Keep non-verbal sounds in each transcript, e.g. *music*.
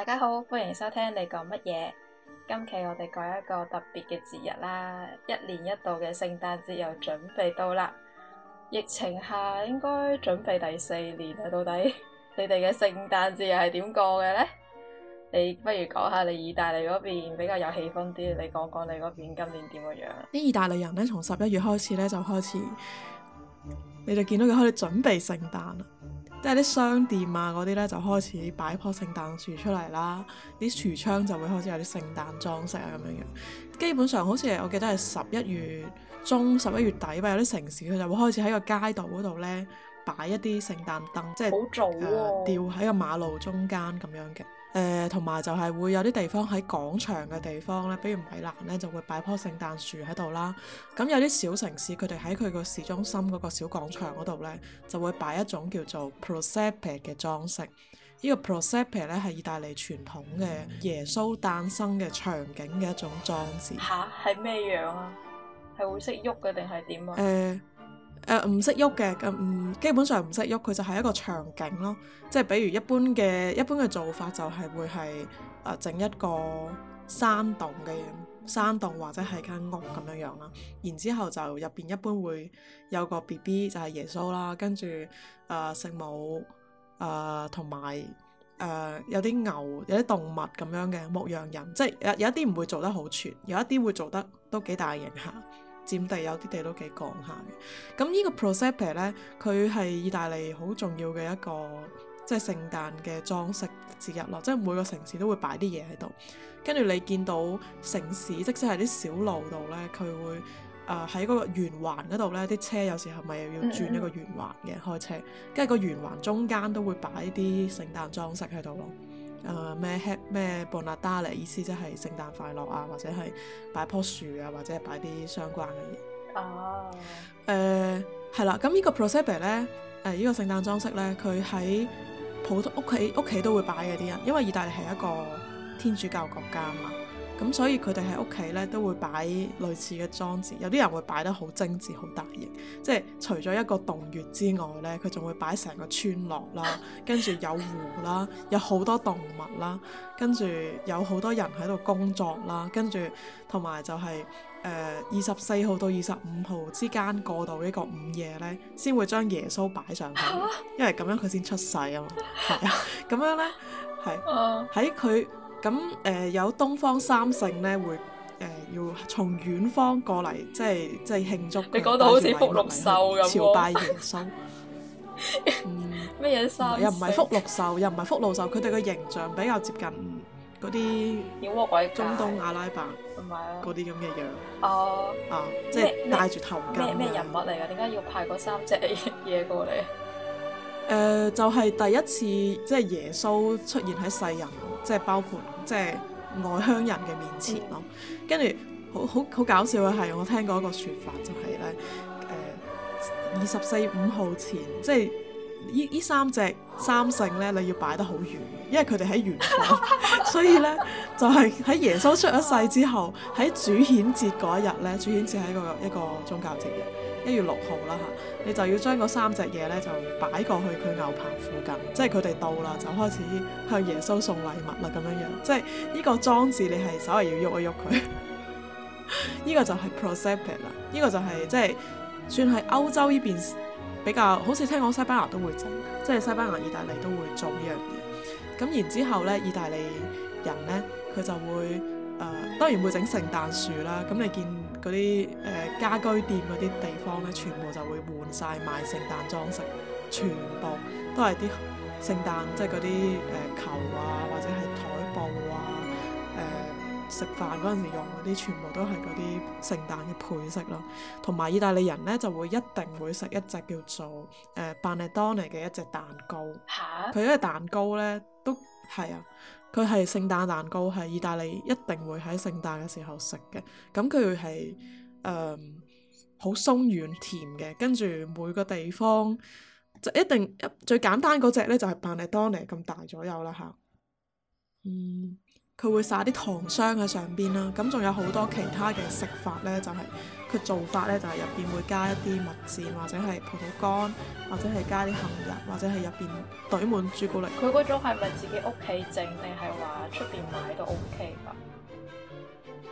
大家好，歡迎收聽你講乜嘢？今期我哋講一個特別嘅節日啦，一年一度嘅聖誕節又準備到啦。疫情下應該準備第四年啦，到底你哋嘅聖誕節又係點過嘅呢？你不如講下你意大利嗰邊比較有氣氛啲，你講講你嗰邊今年點嘅樣？啲意大利人咧，從十一月開始咧就開始，你就見到佢開始準備聖誕啦。即係啲商店啊，嗰啲咧就開始擺棵聖誕樹出嚟啦，啲櫥窗就會開始有啲聖誕裝飾啊咁樣樣。基本上好似我記得係十一月中、十一月底吧，有啲城市佢就會開始喺個街道嗰度咧擺一啲聖誕燈，即係好早啊，吊喺個馬路中間咁樣嘅。誒，同埋、呃、就係會有啲地方喺廣場嘅地方咧，比如米蘭咧就會擺棵聖誕樹喺度啦。咁有啲小城市佢哋喺佢個市中心嗰個小廣場嗰度咧，就會擺一種叫做 Presepe 嘅裝飾。這個、呢個 Presepe 咧係意大利傳統嘅耶穌誕生嘅場景嘅一種裝置。嚇，係咩樣啊？係會識喐嘅定係點啊？誒。呃誒唔識喐嘅，咁唔、呃呃、基本上唔識喐，佢就係一個場景咯。即係比如一般嘅一般嘅做法就係會係誒整一個山洞嘅山洞或者係間屋咁樣樣啦。然之後就入邊一般會有個 B B 就係耶穌啦，跟住誒聖母誒同埋誒有啲、呃、牛有啲動物咁樣嘅牧羊人，即係有有一啲唔會做得好全，有一啲會做得都幾大型下。佔地有啲地都幾廣下嘅，咁呢個 Presepe 咧，佢係意大利好重要嘅一個即係聖誕嘅裝飾之一咯，即係每個城市都會擺啲嘢喺度，跟住你見到城市，即使係啲小路度咧，佢會誒喺嗰個圓環嗰度咧，啲車有時係咪又要轉一個圓環嘅開車，跟住個圓環中間都會擺啲聖誕裝飾喺度咯。誒咩？希咩、呃？布納達咧，意思即係聖誕快樂啊，或者係擺棵樹啊，或者係擺啲相關嘅嘢。哦、oh. 呃。誒係啦，咁呢個 Presepe 咧，誒、呃、呢、這個聖誕裝飾咧，佢喺普通屋企屋企都會擺嘅啲人，因為意大利係一個天主教國家啊嘛。咁、嗯、所以佢哋喺屋企咧都會擺類似嘅裝置，有啲人會擺得好精緻、好大型，即係除咗一個洞穴之外咧，佢仲會擺成個村落啦，跟住有湖啦，有好多動物啦，跟住有好多人喺度工作啦，跟住同埋就係誒二十四號到二十五號之間過到呢個午夜咧，先會將耶穌擺上去，因為咁樣佢先出世啊嘛，係啊，咁樣咧係喺佢。咁誒有東方三聖咧，會誒要從遠方過嚟，即係即係慶祝佢哋。你講到好似福祿壽咁，朝拜耶穌。咩嘢三？又唔係福祿壽，又唔係福祿壽，佢哋個形象比較接近嗰啲中東阿拉伯嗰啲咁嘅樣。哦。啊，即係戴住頭巾啊！咩人物嚟㗎？點解要派嗰三隻嘢過嚟？誒、呃、就係、是、第一次即係耶穌出現喺世人，即係包括即係外鄉人嘅面前咯。跟住、嗯、好好好搞笑嘅係，我聽過一個說法就係、是、咧，誒二十四五號前，即係呢依三隻三聖咧，你要擺得好遠，因為佢哋喺遠方。 *laughs* 所以咧，就係、是、喺耶穌出咗世之後，喺主顯節嗰一日咧，主顯節係一個一個宗教節日。一月六號啦嚇，你就要將嗰三隻嘢咧就擺過去佢牛棚附近，即係佢哋到啦就開始向耶穌送禮物啦咁樣樣，即係呢、這個裝置你係稍微要喐一喐佢，呢 *laughs* 個就係 Presepe 啦，呢、這個就係、是、即係算係歐洲呢邊比較，好似聽講西班牙都會整，即係西班牙、意大利都會做依樣嘢。咁然之後咧，意大利人咧佢就會誒、呃、當然會整聖誕樹啦，咁你見，嗰啲誒家居店嗰啲地方呢，全部就會換晒賣聖誕裝飾，全部都係啲聖誕，即係嗰啲誒球啊，或者係台布啊，誒食飯嗰陣時用嗰啲，全部都係嗰啲聖誕嘅配色咯。同埋意大利人呢，就會一定會食一隻叫做誒 Panettone 嘅一隻蛋糕，佢一個蛋糕呢，都係啊～、嗯佢係聖誕蛋糕，係意大利一定會喺聖誕嘅時候食嘅。咁佢係誒好鬆軟甜嘅，跟住每個地方就一定一最簡單嗰隻咧，就係扮 a n e 咁大左右啦嚇。嗯，佢會撒啲糖霜喺上邊啦。咁仲有好多其他嘅食法咧，就係、是。佢做法呢就係入邊會加一啲蜜餞，或者係葡萄乾，或者係加啲杏仁，或者係入邊堆滿朱古力。佢嗰種係咪自己屋企整定係話出邊買都 OK 㗎？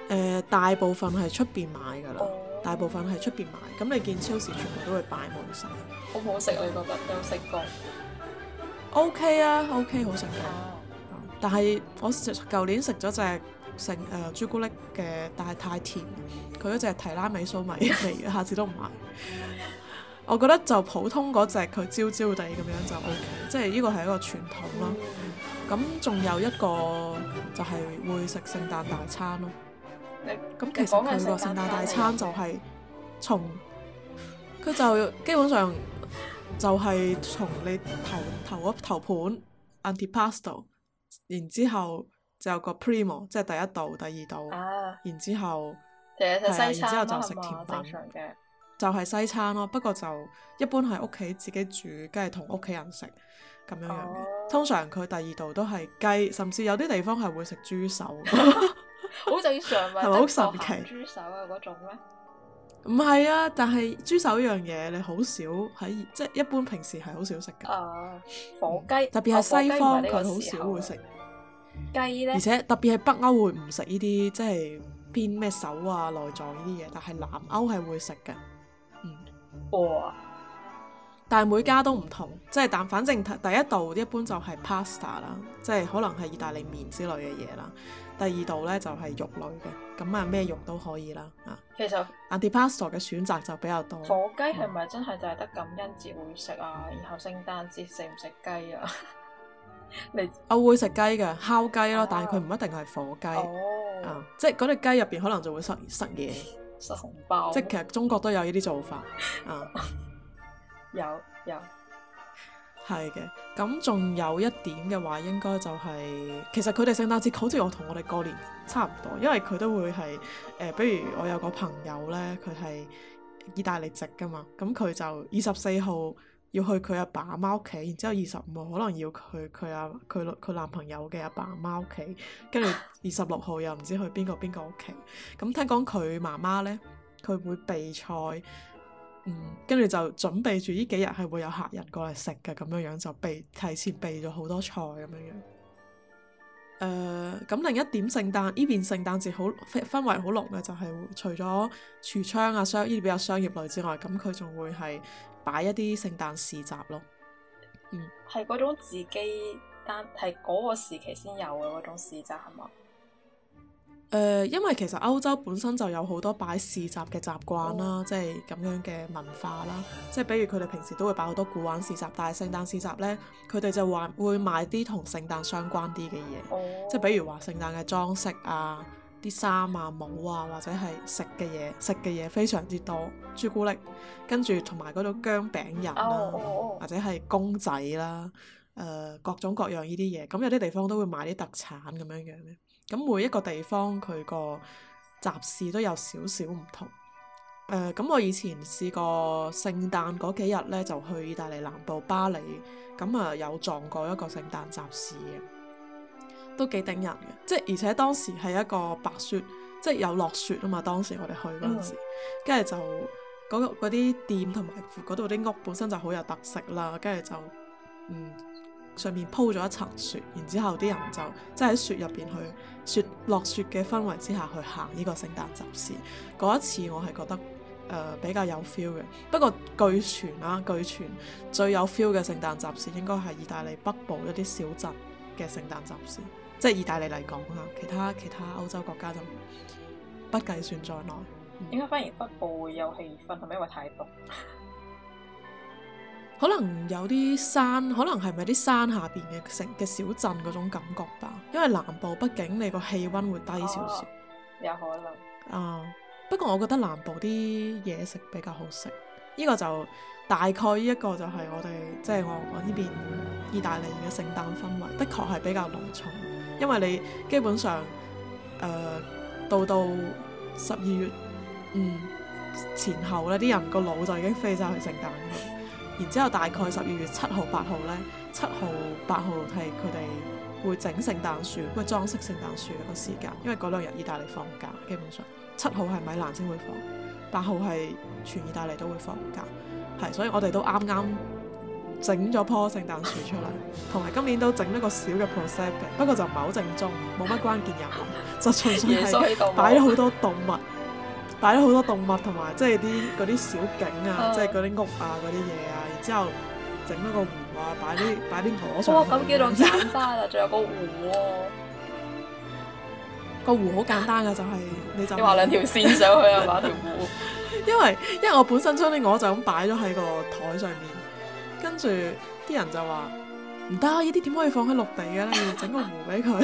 呃，大部分係出邊買㗎啦，oh. 大部分係出邊買。咁你見超市全部都會擺滿晒，好唔好食？你覺得你有食過？OK 啊，OK 好食嘅。Oh. 但係我舊年食咗隻。成、呃、朱古力嘅，但係太甜。佢嗰隻提拉米蘇味， *laughs* 下次都唔買。 *laughs* 我覺得就普通嗰隻，佢焦焦地咁樣就 O K。即係呢個係一個傳統咯。咁仲、嗯、有一個就係會食聖誕大餐咯。咁你其實佢個聖誕大餐就係從佢就基本上就係從你頭頭嗰頭，頭盤 antipasto，然之後。就有個 Primo 即係第一道，第二道，然之後，然之後就食甜品，就係西餐咯。不過就一般係屋企自己煮，跟住同屋企人食咁樣樣嘅。通常佢第二道都係雞，甚至有啲地方係會食豬手，好正常。係咪好神奇豬手啊嗰種咩？唔係啊，但係豬手呢樣嘢，你好少喺即係一般平時係好少食嘅。火雞，特別係西方佢好少會食。雞咧，而且特別係北歐會唔食呢啲，即係偏咩手啊內臟呢啲嘢，但係南歐係會食嘅。嗯，哇但係每家都唔同，即係但反正第一道一般就係 pasta 啦，即係可能係意大利麵之類嘅嘢啦。第二道咧就係肉類嘅，咁啊咩肉都可以啦。實啊，其實 antipasto 嘅選擇就比較多。火雞係咪真係就係得感恩節會食啊？嗯、然後聖誕節食唔食雞啊？你我會食雞噶，烤雞咯，啊、但係佢唔一定係火雞，啊、哦嗯，即係嗰隻雞入邊可能就會塞塞嘢，塞紅包，即係其實中國都有呢啲做法，啊、嗯， *laughs* 有有，係嘅，咁仲有一點嘅話，應該就係、是，其實佢哋聖誕節好似我同我哋過年差唔多，因為佢都會係，誒、呃，比如我有個朋友咧，佢係意大利籍噶嘛，咁佢就二十四號。要去佢阿爸阿媽屋企，然之後二十五號可能要去佢阿佢佢男朋友嘅阿爸阿媽屋企，跟住二十六號又唔知去邊個邊個屋企。咁聽講佢媽媽呢，佢會備菜，嗯，跟住、嗯、就準備住呢幾日係會有客人過嚟食嘅，咁樣樣就備提前備咗好多菜咁樣樣。誒、呃，咁另一點聖誕呢邊聖誕節好氛圍好濃嘅，就係、是、除咗櫥窗啊商呢啲比商業類之外，咁佢仲會係。擺一啲聖誕市集咯，嗯，係嗰種自己單係嗰個時期先有嘅嗰種市集係嘛？誒、呃，因為其實歐洲本身就有好多擺市集嘅習慣啦，oh. 即係咁樣嘅文化啦，即係比如佢哋平時都會擺好多古玩市集，但係聖誕市集呢，佢哋就話會買啲同聖誕相關啲嘅嘢，oh. 即係比如話聖誕嘅裝飾啊。啲衫啊、帽啊，或者係食嘅嘢，食嘅嘢非常之多，朱古力，跟住同埋嗰種薑餅人啊，或者係公仔啦、啊，誒、呃、各種各樣呢啲嘢。咁、嗯、有啲地方都會買啲特產咁樣樣嘅。咁、嗯、每一個地方佢個集市都有少少唔同。誒、嗯，咁、嗯、我以前試過聖誕嗰幾日呢，就去意大利南部巴里，咁、嗯、啊、嗯、有撞過一個聖誕集市嘅。都幾頂人嘅，即係而且當時係一個白雪，即係有落雪啊嘛。當時我哋去嗰陣時，跟住、嗯、就嗰啲、那個、店同埋嗰度啲屋本身就好有特色啦。跟住就嗯、上面鋪咗一層雪，然之後啲人就即係喺雪入邊去雪落雪嘅氛圍之下，去行呢個聖誕集市。嗰一次我係覺得誒、呃、比較有 feel 嘅。不過據傳啦、啊，據傳最有 feel 嘅聖誕集市應該係意大利北部一啲小鎮嘅聖誕集市。即係意大利嚟講啊，其他其他歐洲國家就不計算在內。點、嗯、解反而北部會有氣氛？係咪因為太凍？ *laughs* 可能有啲山，可能係咪啲山下邊嘅城嘅小鎮嗰種感覺吧。因為南部畢竟你個氣温會低少少、哦，有可能啊、嗯。不過我覺得南部啲嘢食比較好食。呢、呢個就大概呢一個就係我哋即係我我呢邊意大利嘅聖誕氛圍，的確係比較濃重。因為你基本上，誒、呃、到到十二月嗯前後呢，啲人個腦就已經飛晒去聖誕啦。然之後大概十二月七號八號呢，七號八號係佢哋會整聖誕樹，會裝飾聖誕樹嘅個時間。因為嗰兩日意大利放假，基本上七號係米蘭先會放，八號係全意大利都會放假。係，所以我哋都啱啱。整咗棵聖誕樹出嚟，同埋今年都整咗個小嘅 Presepe 嘅，不過就唔係好正宗，冇乜關鍵人物，就純粹係擺咗好多動物，擺咗好多動物同埋即係啲嗰啲小景啊，即係嗰啲屋啊嗰啲嘢啊，然、啊、之後整咗個湖啊，擺啲擺啲鵝上。哇、哦、咁、哦、叫做簡單啊！仲有個湖，個湖好簡單噶，就係、是、你畫兩條線上去 *laughs* 啊，畫條湖。 *laughs* 因為因為我本身將啲鵝就咁擺咗喺個台上面。跟住啲人就話唔得，呢啲點可以放喺陸地嘅？你要整個湖俾佢。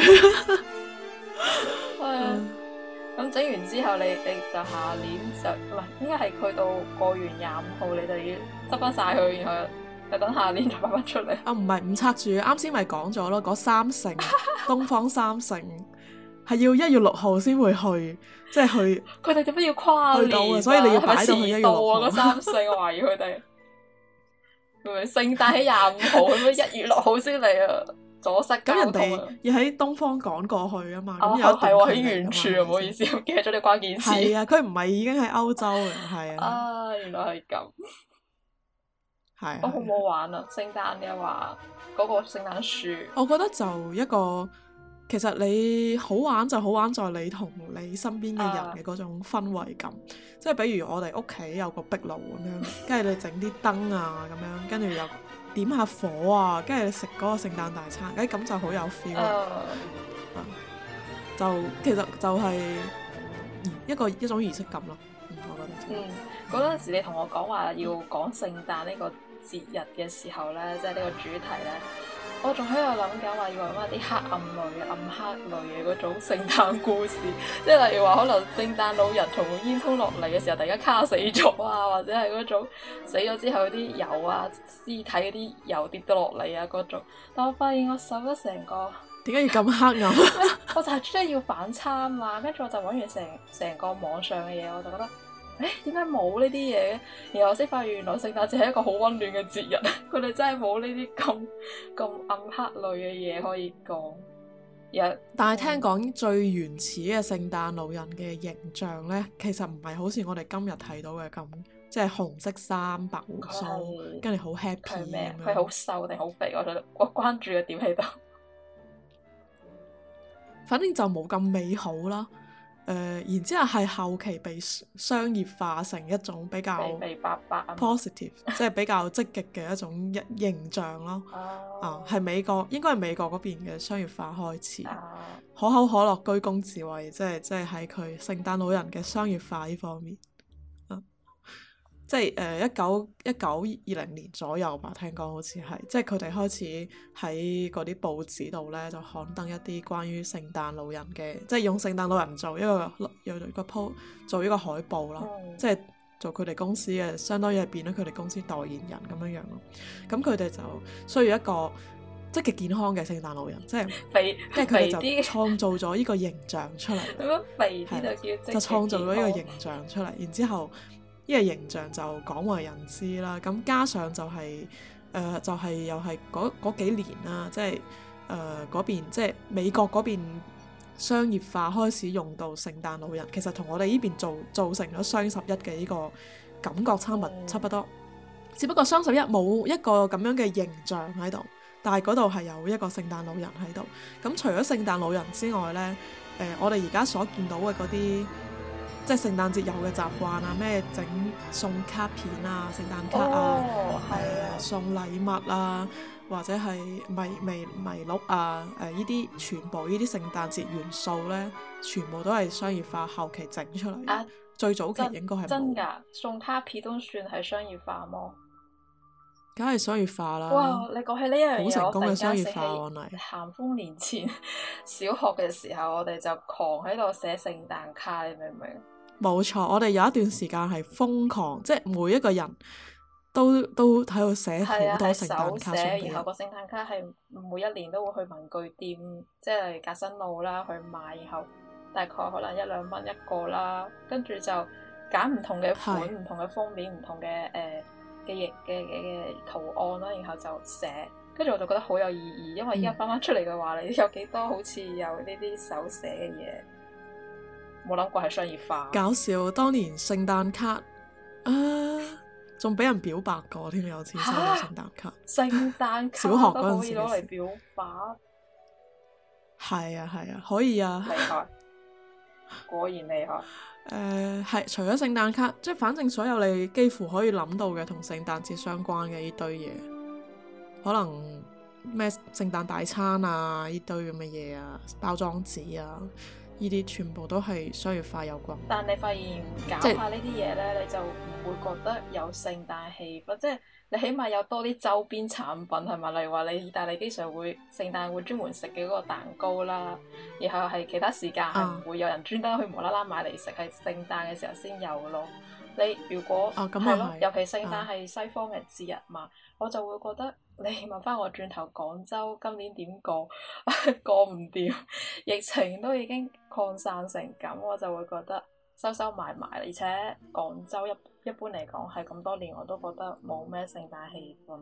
咁 *laughs* 整、哎、完之後，你你就下年就唔係，應該係去到過完廿五號，你就要執翻晒佢，然後就等下年就擺翻出嚟。啊，唔係唔拆住，啱先咪講咗咯，嗰三成 *laughs* 東方三成係要一月六號先會去，即、就、係、是、去。佢哋做咩要跨年、啊、所以你要擺到去一月六號、啊。我懷疑佢哋。 *laughs* 聖誕喺廿五號咁樣，一 *laughs* 月六號先嚟啊！阻塞交通啊！咁人哋要喺東方趕過去啊嘛，咁有遠處嚟啊！完全唔好意思，記咗啲關鍵。係啊，佢唔係已經喺歐洲嘅，係啊。 *laughs* 啊，原來係咁。係、 *laughs* 啊。我好唔好玩啊！聖誕嘅話，嗰、嗰個聖誕樹。我覺得就一個。其實你好玩就好玩在你同你身邊嘅人嘅嗰種氛圍感，即係、uh, 比如我哋屋企有個壁爐咁樣，跟住 *laughs* 你整啲燈啊咁樣，跟住又點下火啊，跟住食嗰個聖誕大餐，誒、哎、咁就好有 feel，uh, uh, 就其實就係一個一種儀式感咯，我覺得、就是。嗯，嗰、嗯、陣時你同我講話要講聖誕呢個節日嘅時候呢，即係呢個主題呢。我仲喺度諗緊，話要搵下啲黑暗類嘅、暗黑類嘅嗰種聖誕故事，即 *laughs* 係例如話可能聖誕老人從煙囪落嚟嘅時候，突然間卡死咗啊，或者係嗰種死咗之後啲油啊、屍體嗰啲油跌咗落嚟啊嗰種。但我發現我搜咗成個，點解要咁黑暗？ *laughs* *laughs* 我就係真係要反差嘛，跟住我就搵完成成個網上嘅嘢，我就覺得。誒，點解冇呢啲嘢嘅？然後我先發現原來聖誕節係一個好溫暖嘅節日。佢哋真係冇呢啲咁咁暗黑類嘅嘢可以講。但係聽講最原始嘅聖誕老人嘅形象咧，其實唔係好似我哋今日睇到嘅咁，即係紅色衫，白鬍鬚，跟住好 happy。佢好瘦定好肥？我覺得我關注嘅點喺度，反正就冇咁美好啦。誒、呃，然之後係後期被商業化成一種比較 positive， *laughs* 即係比較積極嘅一種形象咯。啊，係美國，應該係美國嗰邊嘅商業化開始。 *laughs* 可口可樂居功至偉，即係即係喺佢聖誕老人嘅商業化呢方面。即係誒一九一九二零年左右吧，聽講好似係，即係佢哋開始喺嗰啲報紙度咧，就刊登一啲關於聖誕老人嘅，即係用聖誕老人做一個有一個鋪做一個海報啦，嗯、即係做佢哋公司嘅，相當於係變咗佢哋公司代言人咁樣樣咯。咁佢哋就需要一個積極健康嘅聖誕老人，即係即係佢哋就創造咗呢個形象出嚟。就叫創造咗呢個形象出嚟，然之後。呢個形象就廣為人知啦，咁加上就係誒，就係又係嗰幾年啦，即係誒嗰邊即係美國嗰邊商業化開始用到聖誕老人，其實同我哋呢邊做造成咗雙十一嘅呢個感覺差唔多，只不過雙十一冇一個咁樣嘅形象喺度，但係嗰度係有一個聖誕老人喺度。咁除咗聖誕老人之外呢，誒呃，我哋而家所見到嘅嗰啲。即係聖誕節有嘅習慣啊，咩整送卡片啊，聖誕卡啊，誒送禮物啊，或者係迷迷迷鹿啊，誒呢啲全部呢啲聖誕節元素咧，全部都係商業化後期整出嚟。最早期應該係冇。真㗎，送卡片都算係商業化麼？梗係商業化啦！哇，你講起呢一樣嘢，好成功嘅商業化喎，我突然間醒起，咸豐年前小學嘅時候，我哋就狂喺度寫聖誕卡，你明唔明？冇錯，我哋有一段時間係瘋狂，即係每一個人都都喺度寫好多聖誕卡係手寫，然後個聖誕卡係每一年都會去文具店，即係革新路啦去買，然後大概可能一兩蚊一個啦，跟住就揀唔同嘅款、唔是同嘅封面、唔同嘅誒嘅形嘅嘅嘅圖案啦，然後就寫。跟住我就覺得好有意義，因為依家翻翻出嚟嘅話，嗯、你有幾多好似有呢啲手寫嘅嘢？冇諗過係商業化。搞笑，當年聖誕卡 *laughs* 啊,仲俾人表白過添，有次收到聖誕卡。聖誕、啊、卡 *laughs* 小學嗰陣時。攞嚟表白。係 *laughs* 啊係啊，可以啊。厲害，果然厲害。誒、 *laughs* 呃，係除咗聖誕卡，即係反正所有你幾乎可以諗到嘅同聖誕節相關嘅呢堆嘢，可能咩聖誕大餐啊呢堆咁嘅嘢啊，包裝紙啊。呢啲全部都係商業化有關，但你發現搞下呢啲嘢咧，即你就唔會覺得有聖誕氣氛，即、就、係、是、你起碼有多啲周邊產品係咪？例如話你意大利經常會聖誕會專門食嘅嗰個蛋糕啦，然後係其他時間係唔會有人專登去無啦啦買嚟食，係聖誕嘅時候先有咯。你如果係咯、啊就是，尤其聖誕係西方嘅節日嘛，啊、我就會覺得。你問翻我轉頭廣州今年點過， *laughs* 過唔掂？疫情都已經擴散成咁，我就會覺得收收埋埋埋，而且廣州一一般嚟講，係咁多年我都覺得冇咩聖誕氣氛。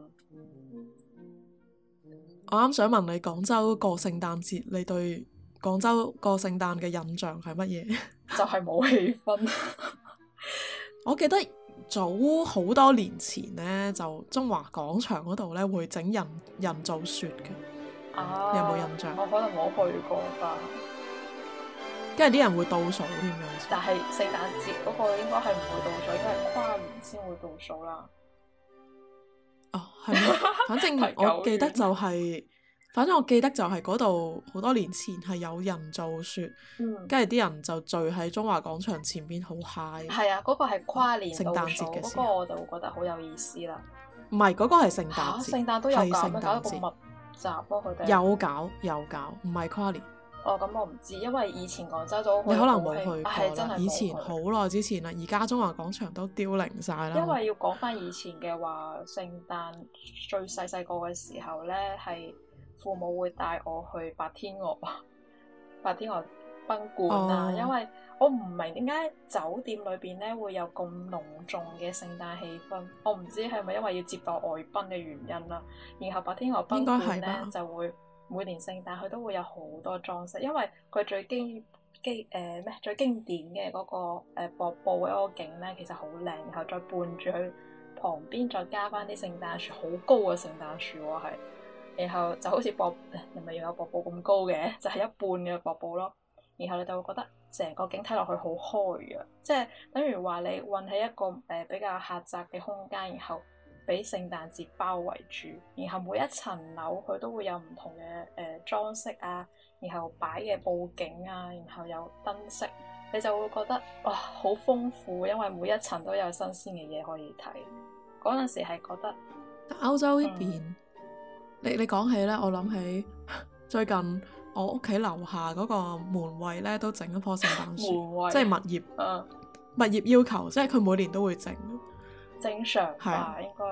我啱想問你廣州過聖誕節，你對廣州過聖誕嘅印象係乜嘢？就係冇氣氛。 *laughs* 我記得。早好多年前呢，就中華廣場嗰度呢，會整人人造雪嘅，啊、你有冇印象？我可能冇去過吧。跟住啲人會倒數添嘅。但係聖誕節嗰個應該係唔會倒數，而家係跨年先會倒數啦。哦，係咩？ *laughs* 反正我記得就係、是。反正我記得就係嗰度好多年前係有人做雪，跟住啲人就聚喺中華廣場前邊好嗨。係啊，嗰、嗰個係跨年倒數嘅時候，嗰個我就會覺得好有意思啦。唔係嗰個係聖誕節，啊，聖誕都有搞，有一物集咯，佢哋有搞有搞，唔係跨年。哦，咁我唔知，因為以前廣州都你可能冇去過啦，啊、真係以前好耐之前啦，而家中華廣場都凋零晒啦。因為要講翻以前嘅話，聖誕最細細個嘅時候咧係。父母會帶我去白天鵝白天鵝賓館啊，oh. 因為我唔明點解酒店裏邊咧會有咁隆重嘅聖誕氣氛，我唔知係咪因為要接待外賓嘅原因啦、啊。然後白天鵝賓館咧就會每年聖誕佢都會有好多裝飾，因為佢最經經誒咩、呃、最經典嘅嗰、那個、呃、瀑布嗰個景咧，其實好靚，然後再伴住佢旁邊再加翻啲聖誕樹，好高嘅聖誕樹喎係。然後就好似瀑布，係咪又有瀑布咁高嘅？就係、是、一半嘅瀑布咯。然後你就會覺得成個景睇落去好開啊！即係等於話你混喺一個誒、呃、比較狹窄嘅空間，然後俾聖誕節包圍住。然後每一層樓佢都會有唔同嘅誒、呃、裝飾啊，然後擺嘅布景啊，然後有燈飾，你就會覺得哇、好、哦、豐富，因為每一層都有新鮮嘅嘢可以睇。嗰陣時係覺得歐洲呢邊。嗯你你講起咧，我諗起最近我屋企樓下嗰個門衞咧都整一棵聖誕樹，位即係物業，啊、物業要求，即係佢每年都會整，正常吧？啊、應該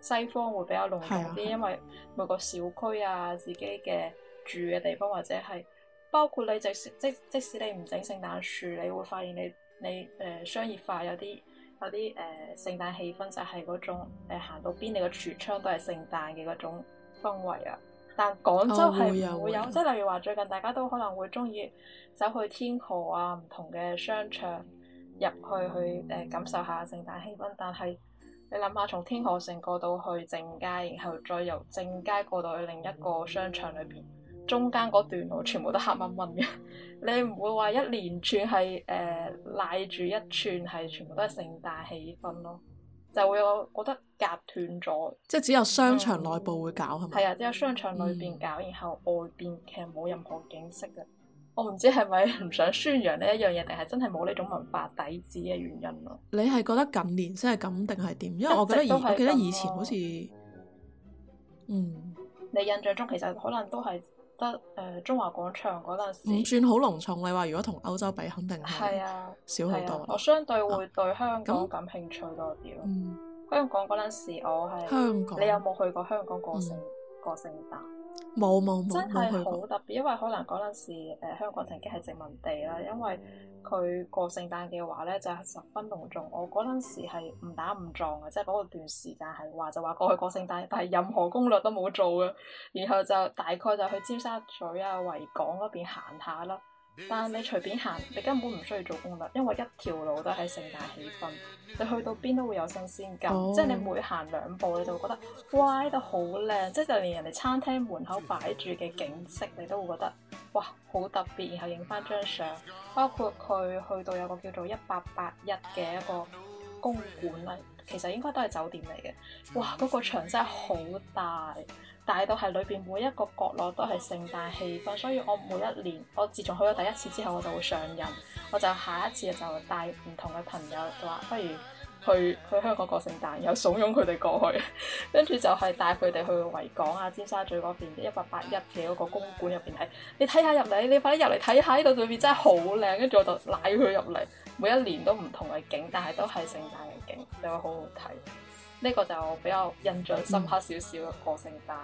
西方會比較濃郁啲，啊啊、因為每個小區啊、自己嘅住嘅地方或者係包括你即使即,即即使你唔整聖誕樹，你會發現你你誒、呃、商業化有啲有啲誒、呃、聖誕氣氛就係嗰種行到邊你個櫥窗都係聖誕嘅嗰種。氛圍啊！但廣州係唔會有，即係、哦、例如話最近大家都可能會中意走去天河啊，唔同嘅商場入去去誒、呃、感受下聖誕氣氛。但係你諗下，從天河城過到去正街，然後再由正街過到去另一個商場裏邊，中間嗰段路全部都黑蚊蚊嘅， *laughs* 你唔會話一連串係誒賴住一串係全部都係聖誕氣氛咯。就會我覺得隔斷咗，即係只有商場內部會搞係咪？係、嗯、嗎啊，只有商場裏邊搞，然後外邊其實冇任何景色嘅。我唔知係咪唔想宣揚呢一樣嘢，定係真係冇呢種文化底子嘅原因咯、啊。你係覺得近年先係咁定係點？因為我覺得都係、啊、我記得以前好似，嗯，你印象中其實可能都係。得誒、呃、中華廣場嗰陣時，唔算好隆重。你話如果同歐洲比，肯定係少好多、啊啊。我相對會對香港感興趣多啲咯。啊嗯、香港嗰陣時我，我係香港你有冇去過香港過聖過聖誕？嗯冇冇冇，真係好特別，因為可能嗰陣時、呃、香港曾經係殖民地啦，因為佢過聖誕嘅話咧就十分隆重，我嗰陣時係誤打誤撞嘅，即係嗰段時間係話就話過去過聖誕，但係任何攻略都冇做嘅，然後就大概就去尖沙咀啊、維港嗰邊行下啦。但係你隨便行，你根本唔需要做攻略，因為一條路都喺聖誕氣氛，你去到邊都會有新鮮感，即係、oh。你每行兩步，你就會覺得哇呢度好靚，即係、就是、就連人哋餐廳門口擺住嘅景色，你都會覺得哇好特別，然後影翻張相。包括佢去到有個叫做一八八一嘅一個公館啦，其實應該都係酒店嚟嘅，哇嗰、那個牆真係好大。大到係裏邊每一個角落都係聖誕氣氛，所以我每一年，我自從去咗第一次之後，我就會上癮，我就下一次就帶唔同嘅朋友就話，不如去去香港過聖誕，又慫恿佢哋過去，跟住就係帶佢哋去維港啊、尖沙咀嗰邊嘅一八八一嘅嗰個公館入邊睇，你睇下入嚟，你快啲入嚟睇下呢度裏邊真係好靚，跟住我就拉佢入嚟，每一年都唔同嘅景，但係都係聖誕嘅景，你會好好睇。呢個就比較印象深刻少少嘅過聖誕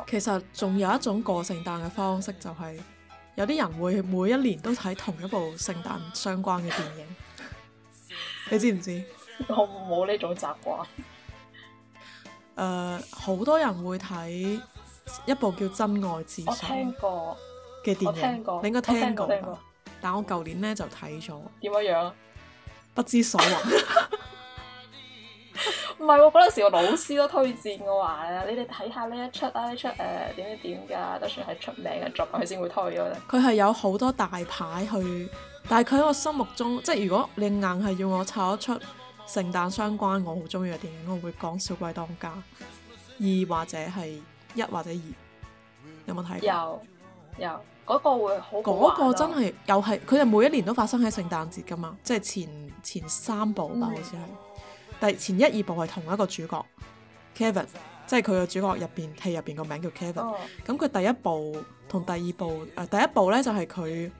嘅。其實仲有一種過聖誕嘅方式，就係，就係有啲人會每一年都睇同一部聖誕相關嘅電影， *laughs* *laughs* 你知唔知？我冇呢種習慣。誒，好多人會睇一部叫《真愛至上》嘅電影，你應該聽過。但我舊年呢就睇咗。點樣、啊？不知所云。唔係，嗰陣、 *laughs* 啊、時個老師都推薦我話啊，你哋睇下呢一出啊，呢出誒點點點噶，都算係出名嘅作品，佢先會推咗。佢係有好多大牌去，但係佢喺我心目中，即係如果你硬係要我炒一出聖誕相關，我好中意嘅電影，我會講《小鬼當家》二或者係一或者二，有冇睇？有有，嗰、嗰個會好、啊，嗰個真係又係，佢哋每一年都發生喺聖誕節噶嘛，即係前前三部吧，好似係。第前一二部係同一個主角 Kevin，即係佢個主角入邊戲入邊個名叫 Kevin。咁佢、哦、第一部同第二部，誒、呃、第一部咧就係佢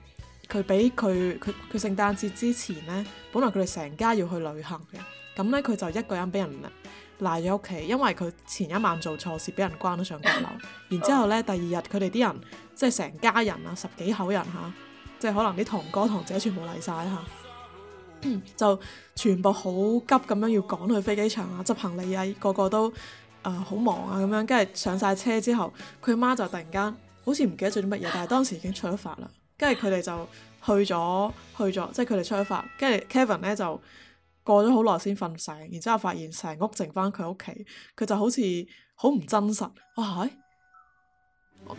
佢俾佢佢佢聖誕節之前咧，本來佢哋成家要去旅行嘅，咁咧佢就一個人俾人賴咗屋企，因為佢前一晚做錯事俾人關咗上閣樓。哦、然之後咧第二日佢哋啲人即係成家人啊，十幾口人嚇，即係可能啲堂哥堂姐全部嚟晒。嚇。 *coughs* 就全部好急咁樣要趕去飛機場啊，執行李啊，個個都啊好、呃、忙啊咁樣，跟住上晒車之後，佢媽就突然間好似唔記得咗啲乜嘢，但係當時已經出咗發啦，跟住佢哋就去咗去咗，即係佢哋出咗發，跟住 Kevin 咧就過咗好耐先瞓醒，然之後發現成屋剩返佢屋企，佢就好似好唔真實，哇、哦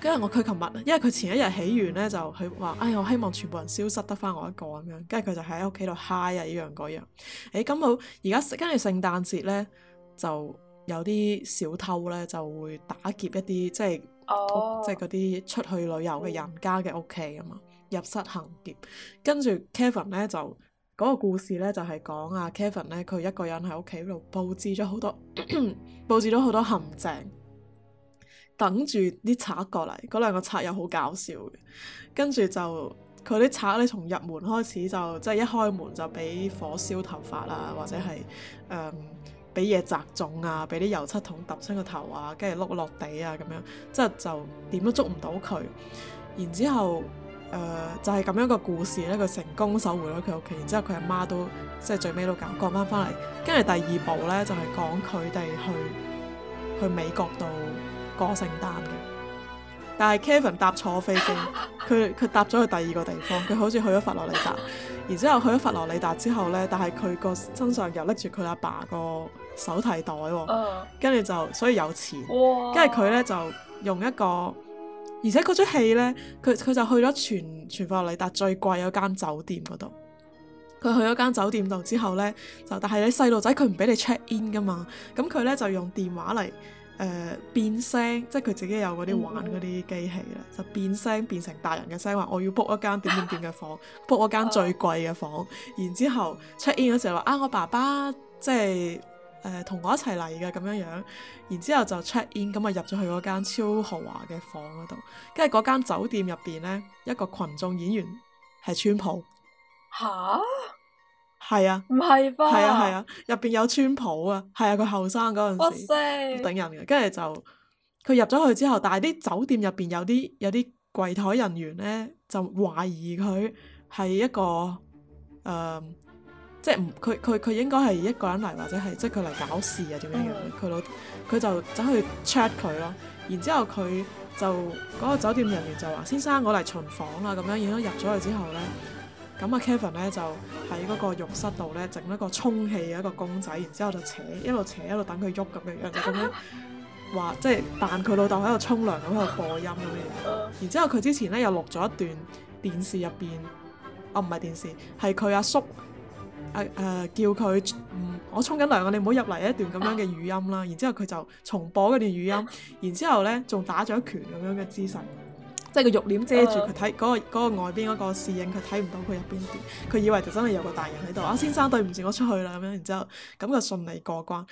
跟住我佢琴日，因為佢前一日起完咧，就佢話：哎，我希望全部人消失得翻我一個咁樣。跟住佢就喺屋企度嗨啊，依樣嗰樣。誒，咁好，而家跟住聖誕節咧，就有啲小偷咧就會打劫一啲，即係、oh。即係嗰啲出去旅遊嘅人家嘅屋企啊嘛，入室行劫。跟住 Kevin 咧就嗰個故事咧就係講啊，Kevin 咧佢一個人喺屋企度佈置咗好多 *coughs* 佈置咗好多陷阱。等住啲賊過嚟，嗰兩個賊又好搞笑嘅。跟住就佢啲賊咧，從入門開始就即係、就是、一開門就俾火燒頭髮啊，或者係誒俾嘢砸中啊，俾啲油漆桶揼親個頭啊，跟住碌落地啊咁樣，即係就點都捉唔到佢。然之後誒、呃、就係、是、咁樣個故事咧，佢成功守回咗佢屋企，然之後佢阿媽都即係最尾都搞過翻翻嚟。跟住第二部咧就係講佢哋去去美國度。過聖誕嘅，但係 Kevin 搭錯飛機，佢佢搭咗去第二個地方，佢好似去咗佛羅里達，然之後去咗佛羅里達之後呢。但係佢個身上又拎住佢阿爸個手提袋喎，跟住就所以有錢，跟住佢呢就用一個，而且嗰齣戲呢，佢佢就去咗全全佛羅里達最貴嗰間酒店嗰度，佢去咗間酒店度之後呢，就但係你細路仔佢唔俾你 check in 噶嘛，咁佢呢就用電話嚟。誒、呃、變聲，即係佢自己有嗰啲玩嗰啲機器啦，嗯、就變聲變成大人嘅聲，話我要 book 一間點點點嘅房，book *laughs* 一間最貴嘅房，然之後 check in 嗰時候話啊，我爸爸即係誒同我一齊嚟嘅咁樣樣，然之後就 check in 咁啊入咗去嗰間超豪華嘅房嗰度，跟住嗰間酒店入邊呢，一個群眾演員係川普嚇。 *laughs* 係啊，唔係吧？係啊係啊，入邊、啊、有川普啊，係啊，佢後生嗰陣時頂塞人嘅，跟住就佢入咗去之後，但係啲酒店入邊有啲有啲櫃檯人員呢，就懷疑佢係一個誒、呃，即係唔佢佢佢應該係一個人嚟，或者係即係佢嚟搞事啊，點樣樣？佢老佢就走去 check 佢咯，然之後佢就嗰、那個酒店人員就話：嗯、先生，我嚟巡房啦、啊，咁樣，然之後入咗去之後呢。咁啊，Kevin 咧就喺嗰個浴室度咧整一個充氣嘅一個公仔，然之後就扯，一路扯一路等佢喐咁嘅樣，就咁樣話即係扮佢老豆喺度沖涼，喺度播音咁樣。然之後佢之前咧又錄咗一段電視入邊，哦唔係電視，係佢阿叔，誒、啊、誒、呃、叫佢，嗯，我沖緊涼啊，你唔好入嚟一段咁樣嘅語音啦。然之後佢就重播嗰段語音，然之後咧仲打咗一拳咁樣嘅姿勢。即係、個肉簾遮住佢睇嗰個外邊嗰個侍應，佢睇唔到佢入邊啲，佢以為就真係有個大人喺度。啊，先生對唔住，我出去啦咁樣。然之後咁就順利過關。誒、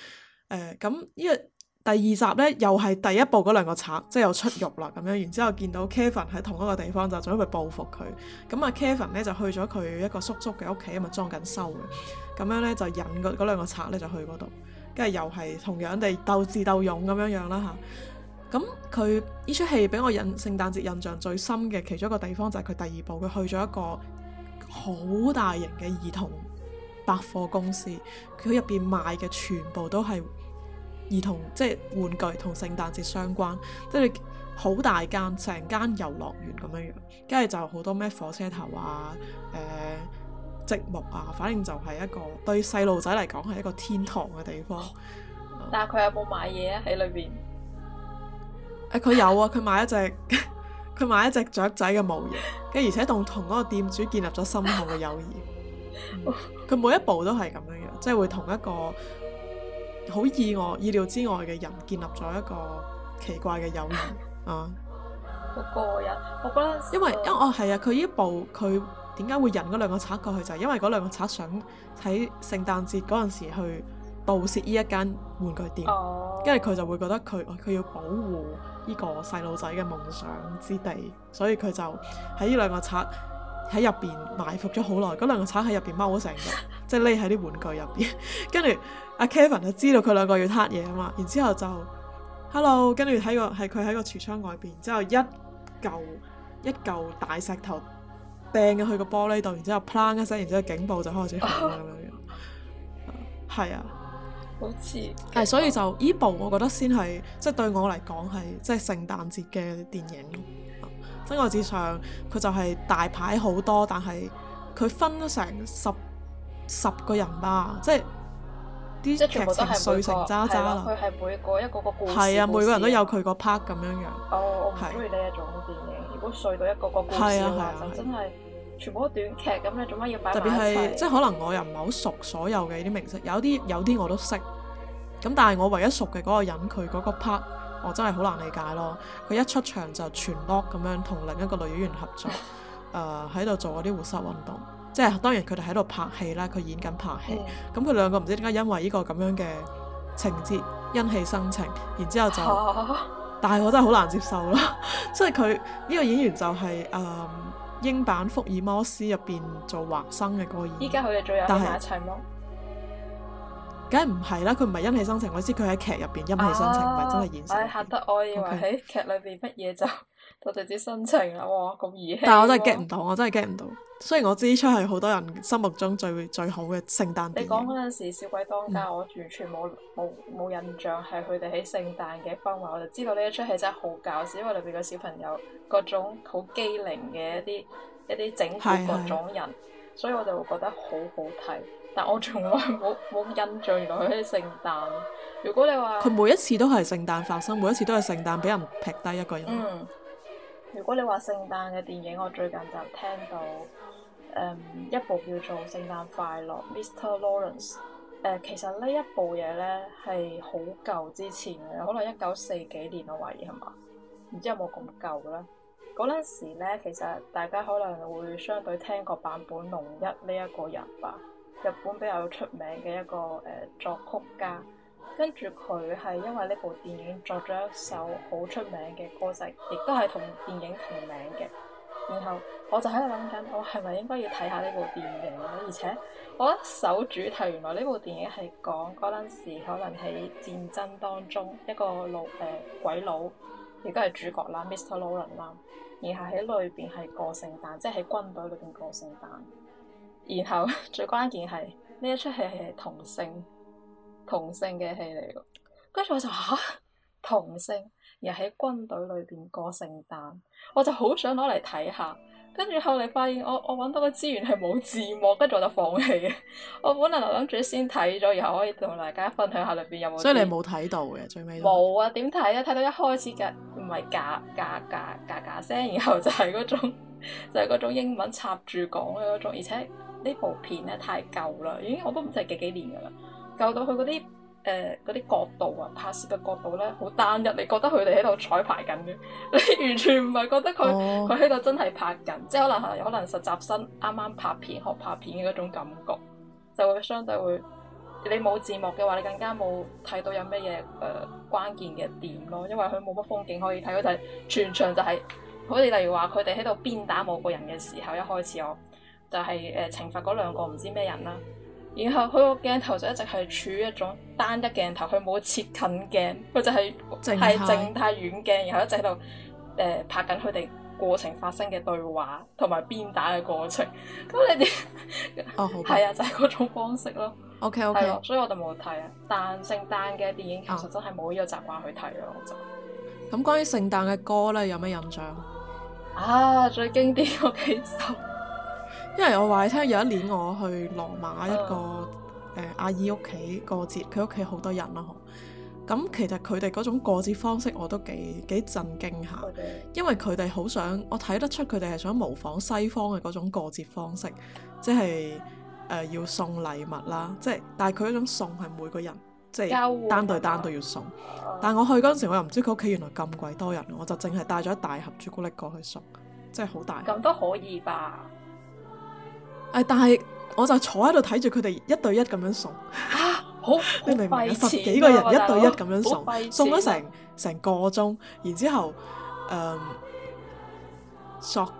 呃，咁呢個第二集呢又係第一部嗰兩個賊，即、就、係、是、又出獄啦咁樣。然之後見到 Kevin 喺同一個地方，就準備報復佢。咁啊，Kevin 呢就去咗佢一個叔叔嘅屋企，咪裝緊修嘅。咁樣呢，就引嗰嗰兩個賊咧就去嗰度，跟住又係同樣地鬥智鬥勇咁樣樣啦嚇。咁佢呢出戲俾我印，聖誕節印象最深嘅其中一個地方就係佢第二部，佢去咗一個好大型嘅兒童百貨公司，佢入邊賣嘅全部都係兒童即係玩具同聖誕節相關，即係好大間，成間遊樂園咁樣樣，跟住就好多咩火車頭啊、誒、呃、積木啊，反正就係一個對細路仔嚟講係一個天堂嘅地方。但係佢有冇買嘢啊？喺裏邊？佢、啊、有啊，佢買一隻佢 *laughs* 買一隻雀仔嘅模型，跟而且仲同嗰個店主建立咗深厚嘅友誼。佢、嗯、每一步都係咁樣嘅，即係會同一個好意外、意料之外嘅人建立咗一個奇怪嘅友誼啊！好過癮，我嗰陣時因為因為哦，係啊，佢呢步佢點解會引嗰兩個賊過去就係、是、因為嗰兩個賊想喺聖誕節嗰陣時去。盜竊呢一間玩具店，跟住佢就會覺得佢佢要保護呢個細路仔嘅夢想之地，所以佢就喺呢兩個賊喺入邊埋伏咗好耐，嗰兩個賊喺入邊踎咗成日， *laughs* 即係匿喺啲玩具入邊。跟住阿 Kevin 就知道佢兩個要撻嘢啊嘛，然之後就 Hello，跟住喺個係佢喺個櫥窗外邊，之後一嚿一嚿大石頭掟咗去個玻璃度，然之後 plan 一聲，然之後警報就開始響啦咁樣樣，係、嗯、啊。好似，係所以就依部我覺得先係，即係對我嚟講係，即係聖誕節嘅電影。《真愛至上》佢就係大牌好多，但係佢分咗成十十個人吧，即係啲劇情碎成渣渣啦。佢係每個一個個故事，係啊，故事。每個人都有佢個 part 咁樣樣。哦，我唔中意呢一種電影，係。如果碎到一個個故事啊，話，啊，真係。全部都短劇咁，你做乜要擺埋一齊？即係、就是、可能我又唔係好熟所有嘅呢啲明星，有啲有啲我都識。咁但係我唯一熟嘅嗰個人，佢嗰個 part，我真係好難理解咯。佢一出場就全 l o 咁樣同另一個女演員合作，誒喺度做嗰啲活塞運動。即、就、係、是、當然佢哋喺度拍戲啦，佢演緊拍戲。咁佢、嗯、兩個唔知點解因為呢個咁樣嘅情節，因戲生情，然之後就，啊、但係我真係好難接受咯。即係佢呢個演員就係、是、誒。嗯英版福爾摩斯入邊做華生嘅嗰個演員，依家佢哋喺一齊麼？梗係唔係啦，佢唔係因戲生情，我知佢喺劇入邊因戲生情，唔係真係現實。嚇得我以為喺劇裏邊乜嘢就～Okay. *laughs* 我直接申請啦！哇，咁熱氣～但我真係 get 唔到，我真係 get 唔到。雖然我知呢出係好多人心目中最最好嘅聖誕。你講嗰陣時，小鬼當家，嗯、我完全冇冇冇印象係佢哋喺聖誕嘅氛圍，我就知道呢一出戲真係好搞笑，因為裏邊個小朋友各種好機靈嘅一啲一啲整蠱各種人，是是所以我就會覺得好好睇。但我從來冇冇印象原來佢喺聖誕。如果你話佢每一次都係聖誕發生，每一次都係聖誕俾人劈低一個人。嗯如果你話聖誕嘅電影，我最近就聽到誒、嗯、一部叫做《聖誕快樂》，Mr. Lawrence、呃。誒其實呢一部嘢咧係好舊，之前嘅，可能一九四幾年我懷疑係嘛，唔知有冇咁舊咧。嗰陣時咧，其實大家可能會相對聽過坂本龍一呢一、這個人吧，日本比較出名嘅一個誒、呃、作曲家。跟住佢係因為呢部電影作咗一首好出名嘅歌仔，亦都係同電影同名嘅。然後我就喺度諗緊，我係咪應該要睇下呢部電影咧？而且我一首主題原來呢部電影係講嗰陣時可能喺戰爭當中一個老誒、呃、鬼佬，亦都係主角啦，Mr. Lawrence 啦。然後喺裏邊係過聖誕，即係喺軍隊裏邊過聖誕。然後最關鍵係呢一出戲係同性。同性嘅戲嚟咯，跟住我就吓、啊、同性，而喺軍隊裏邊過聖誕，我就好想攞嚟睇下。跟住後嚟發現我我揾到嘅資源係冇字幕，跟住我就放棄嘅。我本來諗住先睇咗，然後可以同大家分享下裏邊有冇。即係你冇睇到嘅最尾。冇啊！點睇啊？睇到一開始嘅唔係嘎嘎嘎嘎嘎聲，然後就係嗰種就係、是、嗰種英文插住講嘅嗰種，而且呢部片咧太舊啦，已經我都唔知係幾幾年噶啦。教到佢嗰啲誒啲角度啊，拍攝嘅角度咧，好單一。你覺得佢哋喺度彩排緊嘅，你完全唔係覺得佢佢喺度真係拍緊。即係可能可能可能實習生啱啱拍片學拍片嘅嗰種感覺，就會相對會，你冇字幕嘅話，你更加冇睇到有咩嘢誒關鍵嘅點咯。因為佢冇乜風景可以睇，佢就係、是、全場就係好似例如話佢哋喺度鞭打某個人嘅時候，一開始我就係、是、誒、呃、懲罰嗰兩個唔知咩人啦、啊。然後佢個鏡頭就一直係處於一種單一鏡頭，佢冇切近鏡，佢就係、是、係是靜態遠鏡，然後一直喺度誒拍緊佢哋過程發生嘅對話同埋鞭打嘅過程。咁你點？ *laughs* 哦係 *laughs* 啊，就係、是、嗰種方式咯。OK，OK。所以我就冇睇啊。但聖誕嘅電影其實真係冇呢個習慣去睇咯，我就。咁關於聖誕嘅歌咧，有咩印象？啊，最經典嗰幾首。因為我話你聽，有一年我去羅馬一個誒、嗯呃、阿姨屋企過節，佢屋企好多人咯。咁其實佢哋嗰種過節方式我都幾幾震驚下，嗯、因為佢哋好想我睇得出佢哋係想模仿西方嘅嗰種過節方式，即係誒、呃、要送禮物啦。即係但係佢嗰種送係每個人即係會單對單都要送。嗯、但係我去嗰陣時，我又唔知佢屋企原來咁鬼多人，我就淨係帶咗一大盒朱古力過去送，即係好大。咁都可以吧？誒，但係我就坐喺度睇住佢哋一對一咁樣送，啊、好，你明唔明啊？十幾個人一對一咁樣送，啊、送咗成成個鐘，然之後，誒、嗯、shock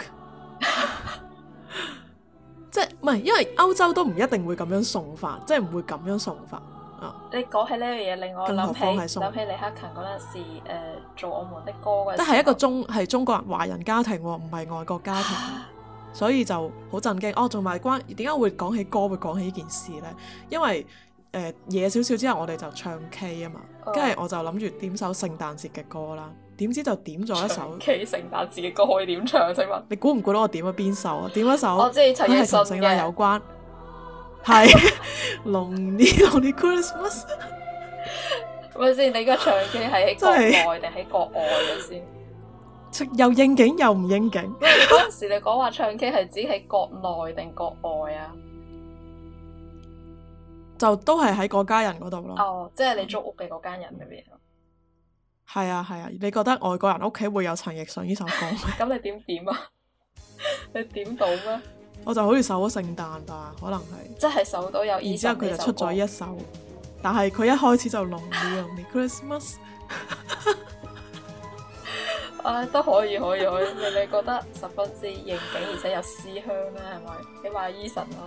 即係唔係因為歐洲都唔一定會咁樣送法，即係唔會咁樣送法啊？你講起呢樣嘢，令我諗起諗起李克勤嗰陣時、呃，做我們的歌嘅，即係一個中係中國人華人家庭喎，唔係外國家庭。 *laughs* 所以就好震驚哦，同埋關點解會講起歌會講起呢件事咧？因為誒，夜少少之後我哋就唱 K 啊嘛，跟住、uh, 我就諗住點首聖誕節嘅歌啦，點知就點咗一首 K 聖誕節嘅歌，可以點唱先嘛？請問你估唔估到我點咗邊首？點一首？ *laughs* 我知，係同聖誕有關，係 Lonely Lonely Christmas *laughs* 等等。喂，先你個唱 K 喺國內定喺國外嘅先？的 *laughs* 又應景又唔應景。當時你講話唱 K 係指喺國內定國外啊？就都係喺嗰家人嗰度咯。哦，oh, 即係你租屋嘅嗰間人嗰邊。係、 *laughs* 嗯、啊係啊，你覺得外國人屋企會有陳奕迅呢首歌？咁 *laughs* *laughs* 你點點啊？ *laughs* 你點到咩？我就好似守咗聖誕吧，可能係。即係守到有首。而之後佢就出咗一首，但係佢一開始就 Lonely Christmas。 *laughs* *laughs* 啊，都可以可以可以，令 *laughs* 你覺得十分之應景，而且有思鄉咧，係咪？你話 Eason 啊，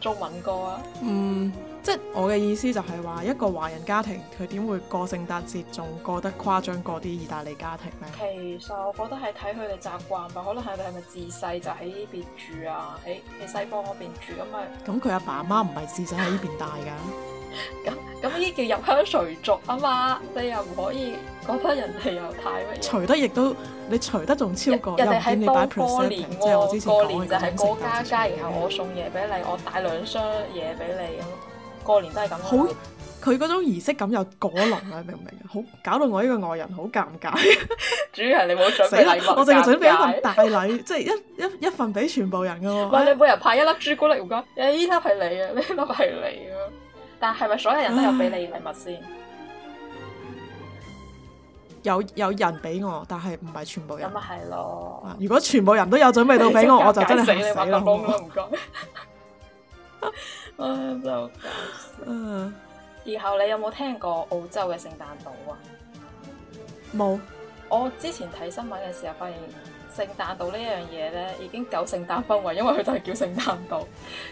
中文歌啊，嗯，即係我嘅意思就係話一個華人家庭，佢點會過聖誕節仲過得誇張過啲意大利家庭咧？其實我覺得係睇佢哋習慣吧，可能係佢係咪自細就喺呢邊住啊，喺喺西方嗰邊住咁咪？咁佢阿爸阿媽唔係自細喺呢邊大㗎？ *laughs* 咁咁呢叫入鄉隨俗啊嘛，你又唔可以覺得人哋又太乜，隨得亦都你除得仲超過。人哋係多過年，我過年就係過家家，然後我送嘢俾你，我帶兩箱嘢俾你咁，過年都係咁。好，佢嗰種儀式感有果濃啊，明唔明？好搞到我呢個外人好尷尬。主要係你冇準備禮物，我淨係準備一份大禮，即係一一一份俾全部人噶嘛。喂，你每人派一粒朱古力唔該，誒呢粒係你啊，呢粒係你啊。但係，咪所有人都有俾你禮物先、啊？有有人俾我，但係唔係全部人。咁咪係咯。如果全部人都有準備到俾我，啊、就解解我就真係死啦！以後你有冇聽過澳洲嘅聖誕島啊？冇有。我之前睇新聞嘅時候，發現聖誕島呢樣嘢咧，已經搞聖誕氛圍，因為佢就係叫聖誕島。啊、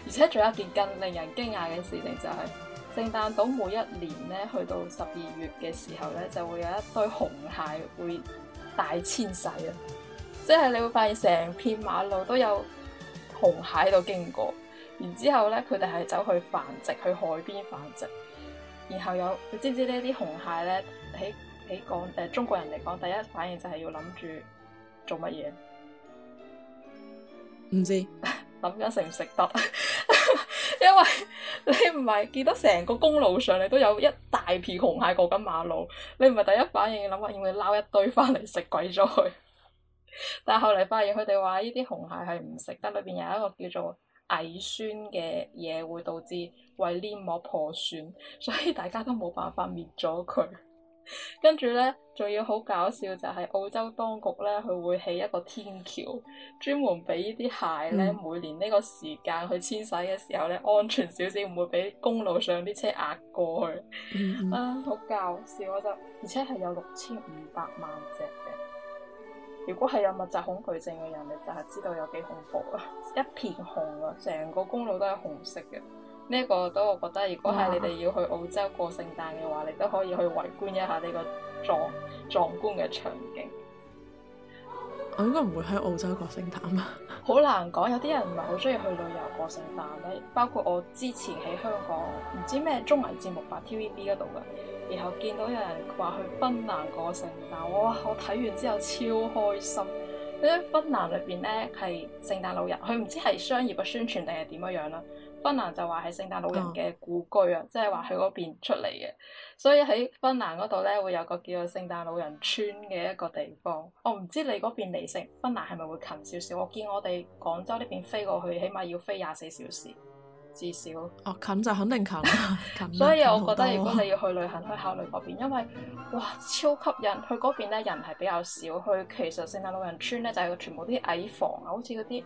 而且，仲有一件更令人驚訝嘅事情就係、是。聖誕島每一年咧，去到十二月嘅時候咧，就會有一堆紅蟹會大遷徙啊！即係你會發現成片馬路都有紅蟹喺度經過，然之後咧，佢哋係走去繁殖，去海邊繁殖。然後有你知唔知呢啲紅蟹咧喺喺講誒，中國人嚟講，第一反應就係要諗住做乜嘢？唔知諗緊食唔食得？ *laughs* 因為你唔係見到成個公路上你都有一大片紅蟹過緊馬路，你唔係第一反應諗下要唔要撈一堆翻嚟食鬼咗佢。 *laughs* 但係後嚟發現佢哋話呢啲紅蟹係唔食得，裏邊有一個叫做蟻酸嘅嘢會導致胃黏膜破損，所以大家都冇辦法滅咗佢。跟住咧，仲要好搞笑就係澳洲當局咧，佢會起一個天橋，專門俾呢啲蟹咧，每年呢個時間去遷徙嘅時候咧，安全少少，唔會俾公路上啲車壓過去。啊，好、 *noise* uh, 搞笑我就，而且係有六千五百萬隻嘅。如果係有密集恐懼症嘅人，你就係知道有幾恐怖啦，一片紅啊，成個公路都係紅色嘅。呢個都我覺得，如果係你哋要去澳洲過聖誕嘅話，哇 你都可以去圍觀一下呢個壯壯觀嘅場景。我應該唔會喺澳洲過聖誕啊！好 *laughs* 難講，有啲人唔係好鍾意去旅遊過聖誕咧。包括我之前喺香港，唔知咩綜藝節目拍 TVB 嗰度嘅，然後見到有人話去芬蘭過聖誕，哇，我我睇完之後超開心。喺芬蘭裏邊咧，係聖誕老人，佢唔知係商業嘅宣傳定係點樣樣啦。芬蘭就話係聖誕老人嘅故居啊，即係話喺嗰邊出嚟嘅，所以喺芬蘭嗰度咧會有個叫做聖誕老人村嘅一個地方。我唔知你嗰邊離城，芬蘭係咪會近少少？我見我哋廣州呢邊飛過去，起碼要飛廿四小時。至少哦、啊、近就肯定近， *laughs* 近了所以我覺得如果你要去旅行，可以考慮嗰邊，因為哇超吸引，去嗰邊咧人係比較少，去其實聖誕老人村咧就係、是、個全部啲矮房啊，好似嗰啲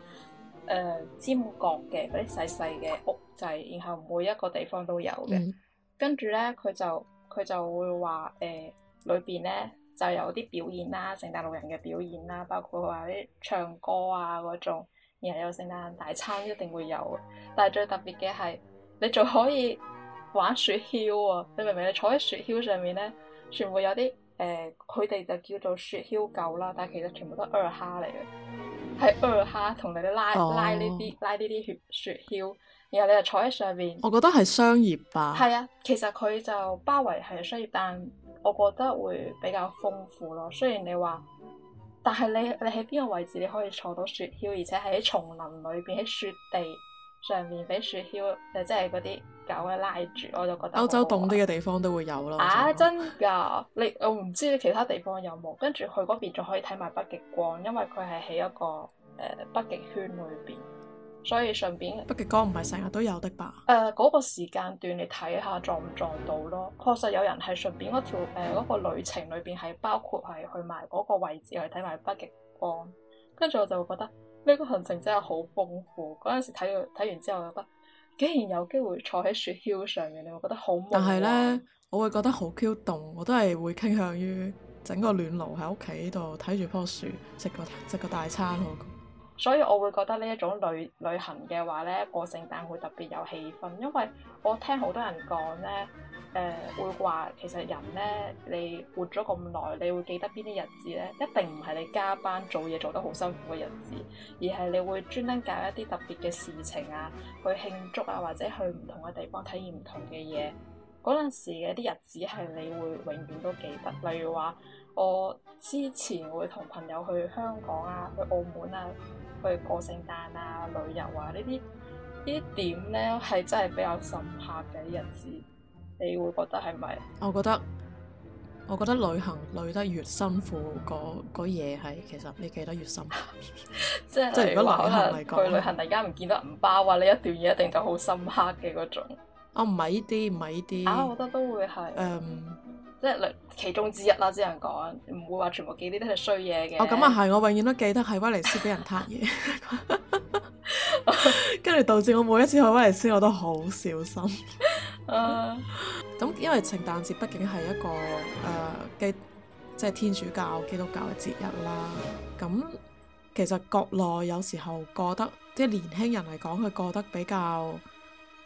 誒尖角嘅嗰啲細細嘅屋仔，然後每一個地方都有嘅，嗯、跟住咧佢就佢就會話誒、呃、裏邊咧就有啲表演啦，聖誕老人嘅表演啦，包括話啲唱歌啊嗰種。然後有聖誕大餐一定會有，但係最特別嘅係你仲可以玩雪橇喎、啊！你明唔明？你坐喺雪橇上面咧，全部有啲誒，佢、呃、哋就叫做雪橇狗啦，但係其實全部都係二哈嚟嘅，係二哈同你哋拉、oh. 拉呢啲拉呢啲雪雪橇，然後你就坐喺上面。我覺得係商業吧。係啊，其實佢就包圍係商業，但我覺得會比較豐富咯。雖然你話。但係你你喺邊個位置你可以坐到雪橇，而且係喺松林裏邊，喺雪地上面俾雪橇誒，即係嗰啲狗嘅拉住，我就覺得歐洲凍啲嘅地方都會有咯。啊，真噶！你我唔知其他地方有冇，跟住去嗰邊仲可以睇埋北極光，因為佢係喺一個誒、呃、北極圈裏邊。所以順便北極光唔係成日都有的吧？誒嗰、呃嗰個時間段你睇下撞唔撞到咯。確實有人係順便嗰條誒嗰、呃嗰個旅程裏邊係包括係去埋嗰個位置去睇埋北極光，跟住我就會覺得呢、呢個行程真係好豐富。嗰陣時睇完睇完之後又覺得，竟然有機會坐喺雪橇上面，你會覺得好悶～但係咧，我會覺得好 Q 凍，我都係會傾向於整個暖爐喺屋企度睇住棵樹，食個食個大餐咯。嗯。所以我會覺得呢一種旅旅行嘅話呢，咧過聖誕會特別有氣氛，因為我聽好多人講，咧、呃，誒會話，其實人咧你活咗咁耐，你會記得邊啲日子咧，一定唔係你加班做嘢做得好辛苦嘅日子，而係你會專登搞一啲特別嘅事情啊，去慶祝啊，或者去唔同嘅地方體驗唔同嘅嘢，嗰陣時嘅啲日子係你會永遠都記得，例如話。我之前會同朋友去香港啊，去澳門啊，去過聖誕啊，旅遊啊，點呢啲呢點咧係真係比較深刻嘅日子。你會覺得係咪？我覺得我覺得旅行旅得越辛苦，個嘢係其實你記得越深刻。即係即係如果旅行嚟講，去旅行突然間唔見到銀包啊，呢一段嘢一定就好深刻嘅嗰種。啊唔係呢啲唔係呢啲啊，我覺得都會係嗯。嗯即係其中之一啦，只能講，唔會話全部記啲都係衰嘢嘅。哦，咁啊係，我永遠都記得係威尼斯俾人撻嘢，跟住 *laughs* *laughs* *laughs* 導致我每一次去威尼斯我都好小心。咁 *laughs* *laughs* *laughs* 因為聖誕節畢竟係一個誒基、呃、即係天主教基督教嘅節日啦。咁其實國內有時候過得即係年輕人嚟講，佢過得比較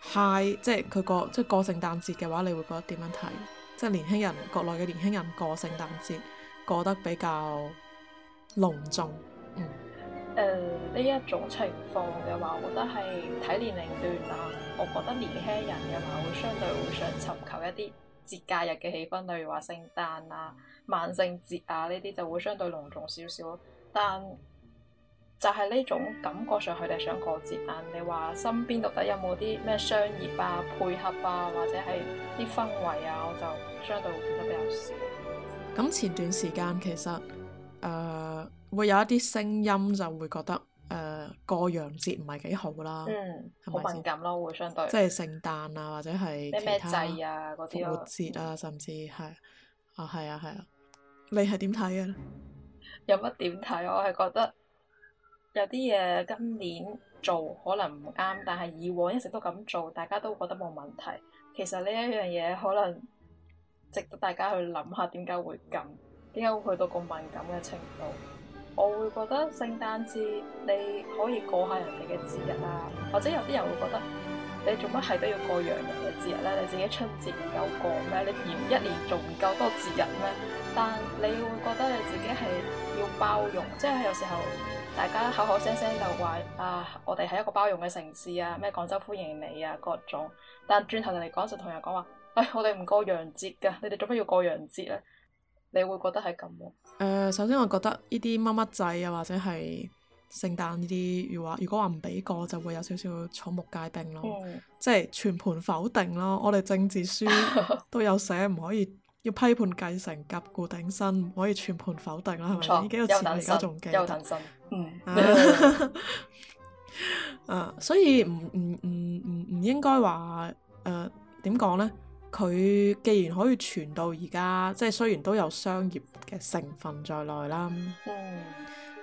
high 即係佢過即係過聖誕節嘅話，你會覺得點樣睇？即係年輕人，國內嘅年輕人過聖誕節過得比較隆重，嗯。誒，呢一種情況嘅話，我覺得係睇年齡段啊。我覺得年輕人嘅話會相對會想尋求一啲節假日嘅氣氛，例如話聖誕啊、萬聖節啊呢啲就會相對隆重少少，但，就係呢種感覺上佢哋想過節，但你話身邊到底有冇啲咩商業啊配合啊，或者係啲氛圍啊，我就相對會變得比較少。咁、嗯嗯、前段時間其實誒、呃、會有一啲聲音就會覺得誒、呃、過洋節唔係幾好啦，嗯，好敏感咯，會相對即係聖誕啊，或者係咩咩祭啊嗰啲啊，節、嗯、啊，甚至係啊係啊係啊，啊，啊，你係點睇嘅咧？有乜點睇？我係覺得。有啲嘢今年做可能唔啱，但係以往一直都咁做，大家都覺得冇問題。其實呢一樣嘢可能值得大家去諗下，點解會咁？點解會去到咁敏感嘅程度？我會覺得聖誕節你可以過下人哋嘅節日啊，或者有啲人會覺得你做乜係都要過洋人嘅節日咧？你自己春節唔夠過咩？你嫌一年仲唔夠多節日咩？但你會覺得你自己係要包容，即係有時候。大家口口聲聲就話啊，我哋係一個包容嘅城市啊，咩廣州歡迎你啊，各種。但轉頭嚟講就同人講話，誒，我哋唔過洋節噶，你哋做乜要過洋節咧？你會覺得係咁？誒，首先我覺得呢啲乜乜仔啊，或者係聖誕呢啲，如話如果話唔俾過，就會有少少草木皆兵咯，即係全盤否定咯。我哋政治書都有寫唔可以要批判繼承、革故鼎新，唔可以全盤否定啦，係咪？呢幾個詞我而家仲記得。嗯，誒、 *laughs* *laughs* 啊，所以唔唔唔唔唔應該話誒，點講咧？佢、呃、既然可以傳到而家，即係雖然都有商業嘅成分在內啦，咁、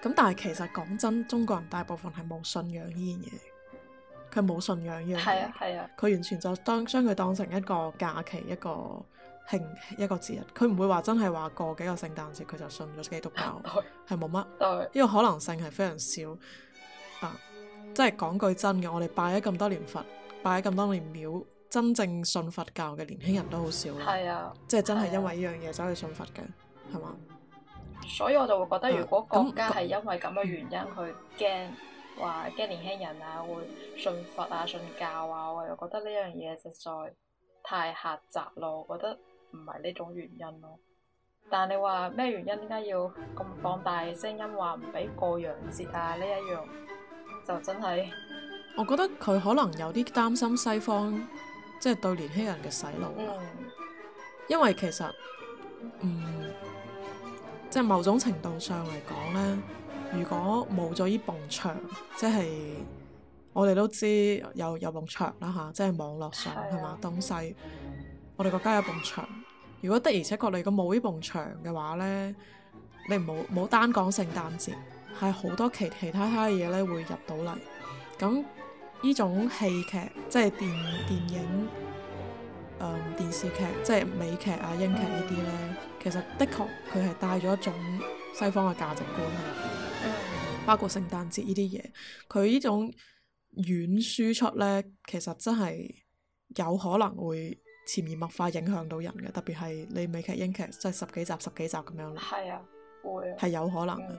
嗯、但係其實講真，中國人大部分係冇信仰呢樣嘢，佢冇信仰呢樣嘢，佢、係啊係啊、完全就當將佢當成一個假期一個。係一個節日，佢唔會話真係話過幾個聖誕節佢就信咗基督教，係冇乜呢個可能性，係非常少啊！即係講句真嘅，我哋拜咗咁多年佛，拜咗咁多年廟，真正信佛教嘅年輕人都好少咯。係啊，即係真係因為呢樣嘢走去信佛嘅，係嘛、啊？是是所以我就會覺得，如果國家係因為咁嘅原因去驚話驚年輕人啊會信佛啊信教啊，我又覺得呢樣嘢實在太狹窄咯，我覺得，我覺得。唔係呢種原因咯，但你話咩原因？點解要咁放大聲音話唔俾過洋節啊？呢一樣就真係，我覺得佢可能有啲擔心西方即係對年輕人嘅洗腦啊，嗯，因為其實嗯，即係某種程度上嚟講咧，如果冇咗依埲牆，即係我哋都知有有埲牆啦嚇，即係網絡上係嘛東西，我哋國家有埲牆。如果的而且確嚟個冇呢埲牆嘅話呢，你唔好冇單講聖誕節，係好多其其他嘅嘢呢會入到嚟。咁呢種戲劇即係電電影、誒、嗯、電視劇即係美劇啊、英劇呢啲呢，其實的確佢係帶咗一種西方嘅價值觀喺入面，包括聖誕節呢啲嘢，佢呢種軟輸出呢，其實真係有可能會。潛移默化影響到人嘅，特別係你美劇英劇，即係十幾集十幾集咁樣咯。係啊，會係有可能嘅。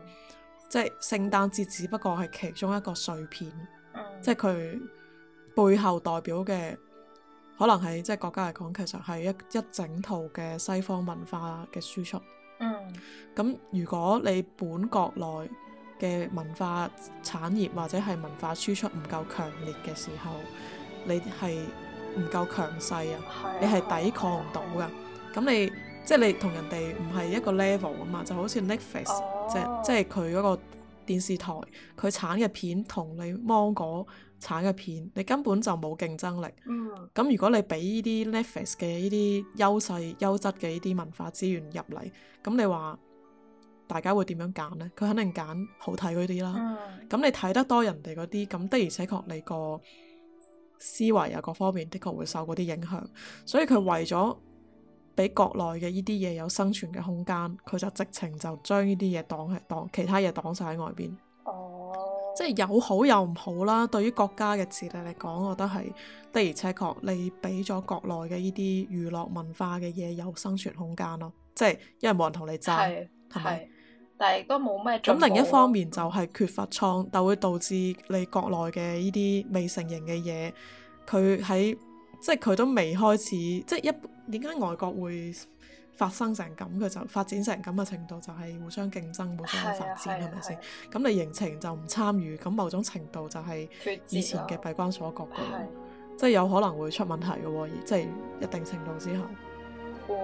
即係聖誕節，只不過係其中一個碎片。嗯。即係佢背後代表嘅，可能係即係國家嚟講，其實係一一整套嘅西方文化嘅輸出。嗯。咁如果你本國內嘅文化產業或者係文化輸出唔夠強烈嘅時候，你係。唔夠強勢啊！你係抵抗唔到噶。咁 *noise* 你即係、就是、你同人哋唔係一個 level 啊嘛，就好似 Netflix 即係即係佢嗰個電視台，佢產嘅片同你芒果產嘅片，你根本就冇競爭力。咁、mm. 如果你俾呢啲 Netflix 嘅呢啲優勢、優質嘅呢啲文化資源入嚟，咁你話大家會點樣揀呢？佢肯定揀好睇嗰啲啦。咁、mm. 你睇得多人哋嗰啲，咁的而且確你個思維啊，各方面的確會受嗰啲影響，所以佢為咗俾國內嘅呢啲嘢有生存嘅空間，佢就直情就將呢啲嘢擋喺擋其他嘢擋晒喺外邊。哦，oh. 即係有好有唔好啦。對於國家嘅治理嚟講，我覺得係的而且確，你俾咗國內嘅呢啲娛樂文化嘅嘢有生存空間咯，即係因為冇人同你爭，係咪是？吧但係都冇咩做。咁另一方面就係缺乏創，但會導致你國內嘅呢啲未成型嘅嘢，佢喺即係佢都未開始，即係一點解外國會發生成咁，佢就發展成咁嘅程度，就係互相競爭，互相發展，係咪先？咁你形成就唔參與，咁某種程度就係以前嘅閉關鎖國，即係有可能會出問題嘅，即係一定程度之下。會。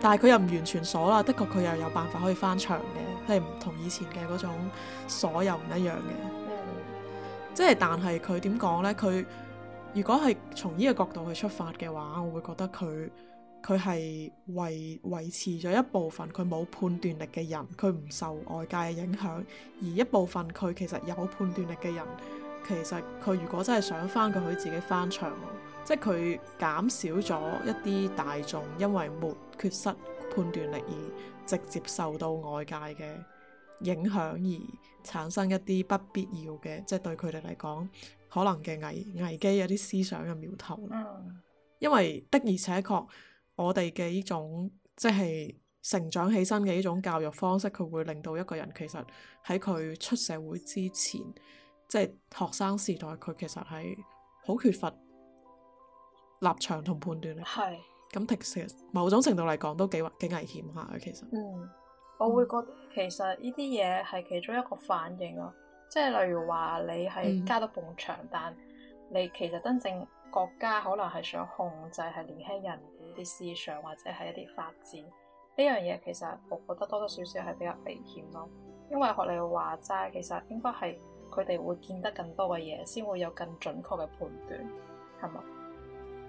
但係佢又唔完全鎖啦，的確佢又有辦法可以翻牆嘅，係唔同以前嘅嗰種鎖又唔一樣嘅。即、嗯、係但係佢點講呢？佢如果係從呢個角度去出發嘅話，我會覺得佢佢係維維持咗一部分佢冇判斷力嘅人，佢唔受外界嘅影響；而一部分佢其實有判斷力嘅人，其實佢如果真係想翻，佢可以自己翻牆。即係佢減少咗一啲大眾，因為沒缺失判斷力而直接受到外界嘅影響，而產生一啲不必要嘅，即係對佢哋嚟講可能嘅危危機、有啲思想嘅苗頭。因為的而且確，我哋嘅呢種即係成長起身嘅呢種教育方式，佢會令到一個人其實喺佢出社會之前，即係學生時代，佢其實係好缺乏。立場同判斷咧，係咁是，其實某種程度嚟講都幾幾危險下、啊、嘅。其實，嗯，我會覺得其實呢啲嘢係其中一個反應咯、啊。即、就、係、是、例如話你係加多埲牆，嗯、但你其實真正國家可能係想控制係年輕人嘅思想，或者係一啲發展呢樣嘢。其實我覺得多多少少係比較危險咯、啊。因為學你話齋，其實應該係佢哋會見得更多嘅嘢，先會有更準確嘅判斷，係咪？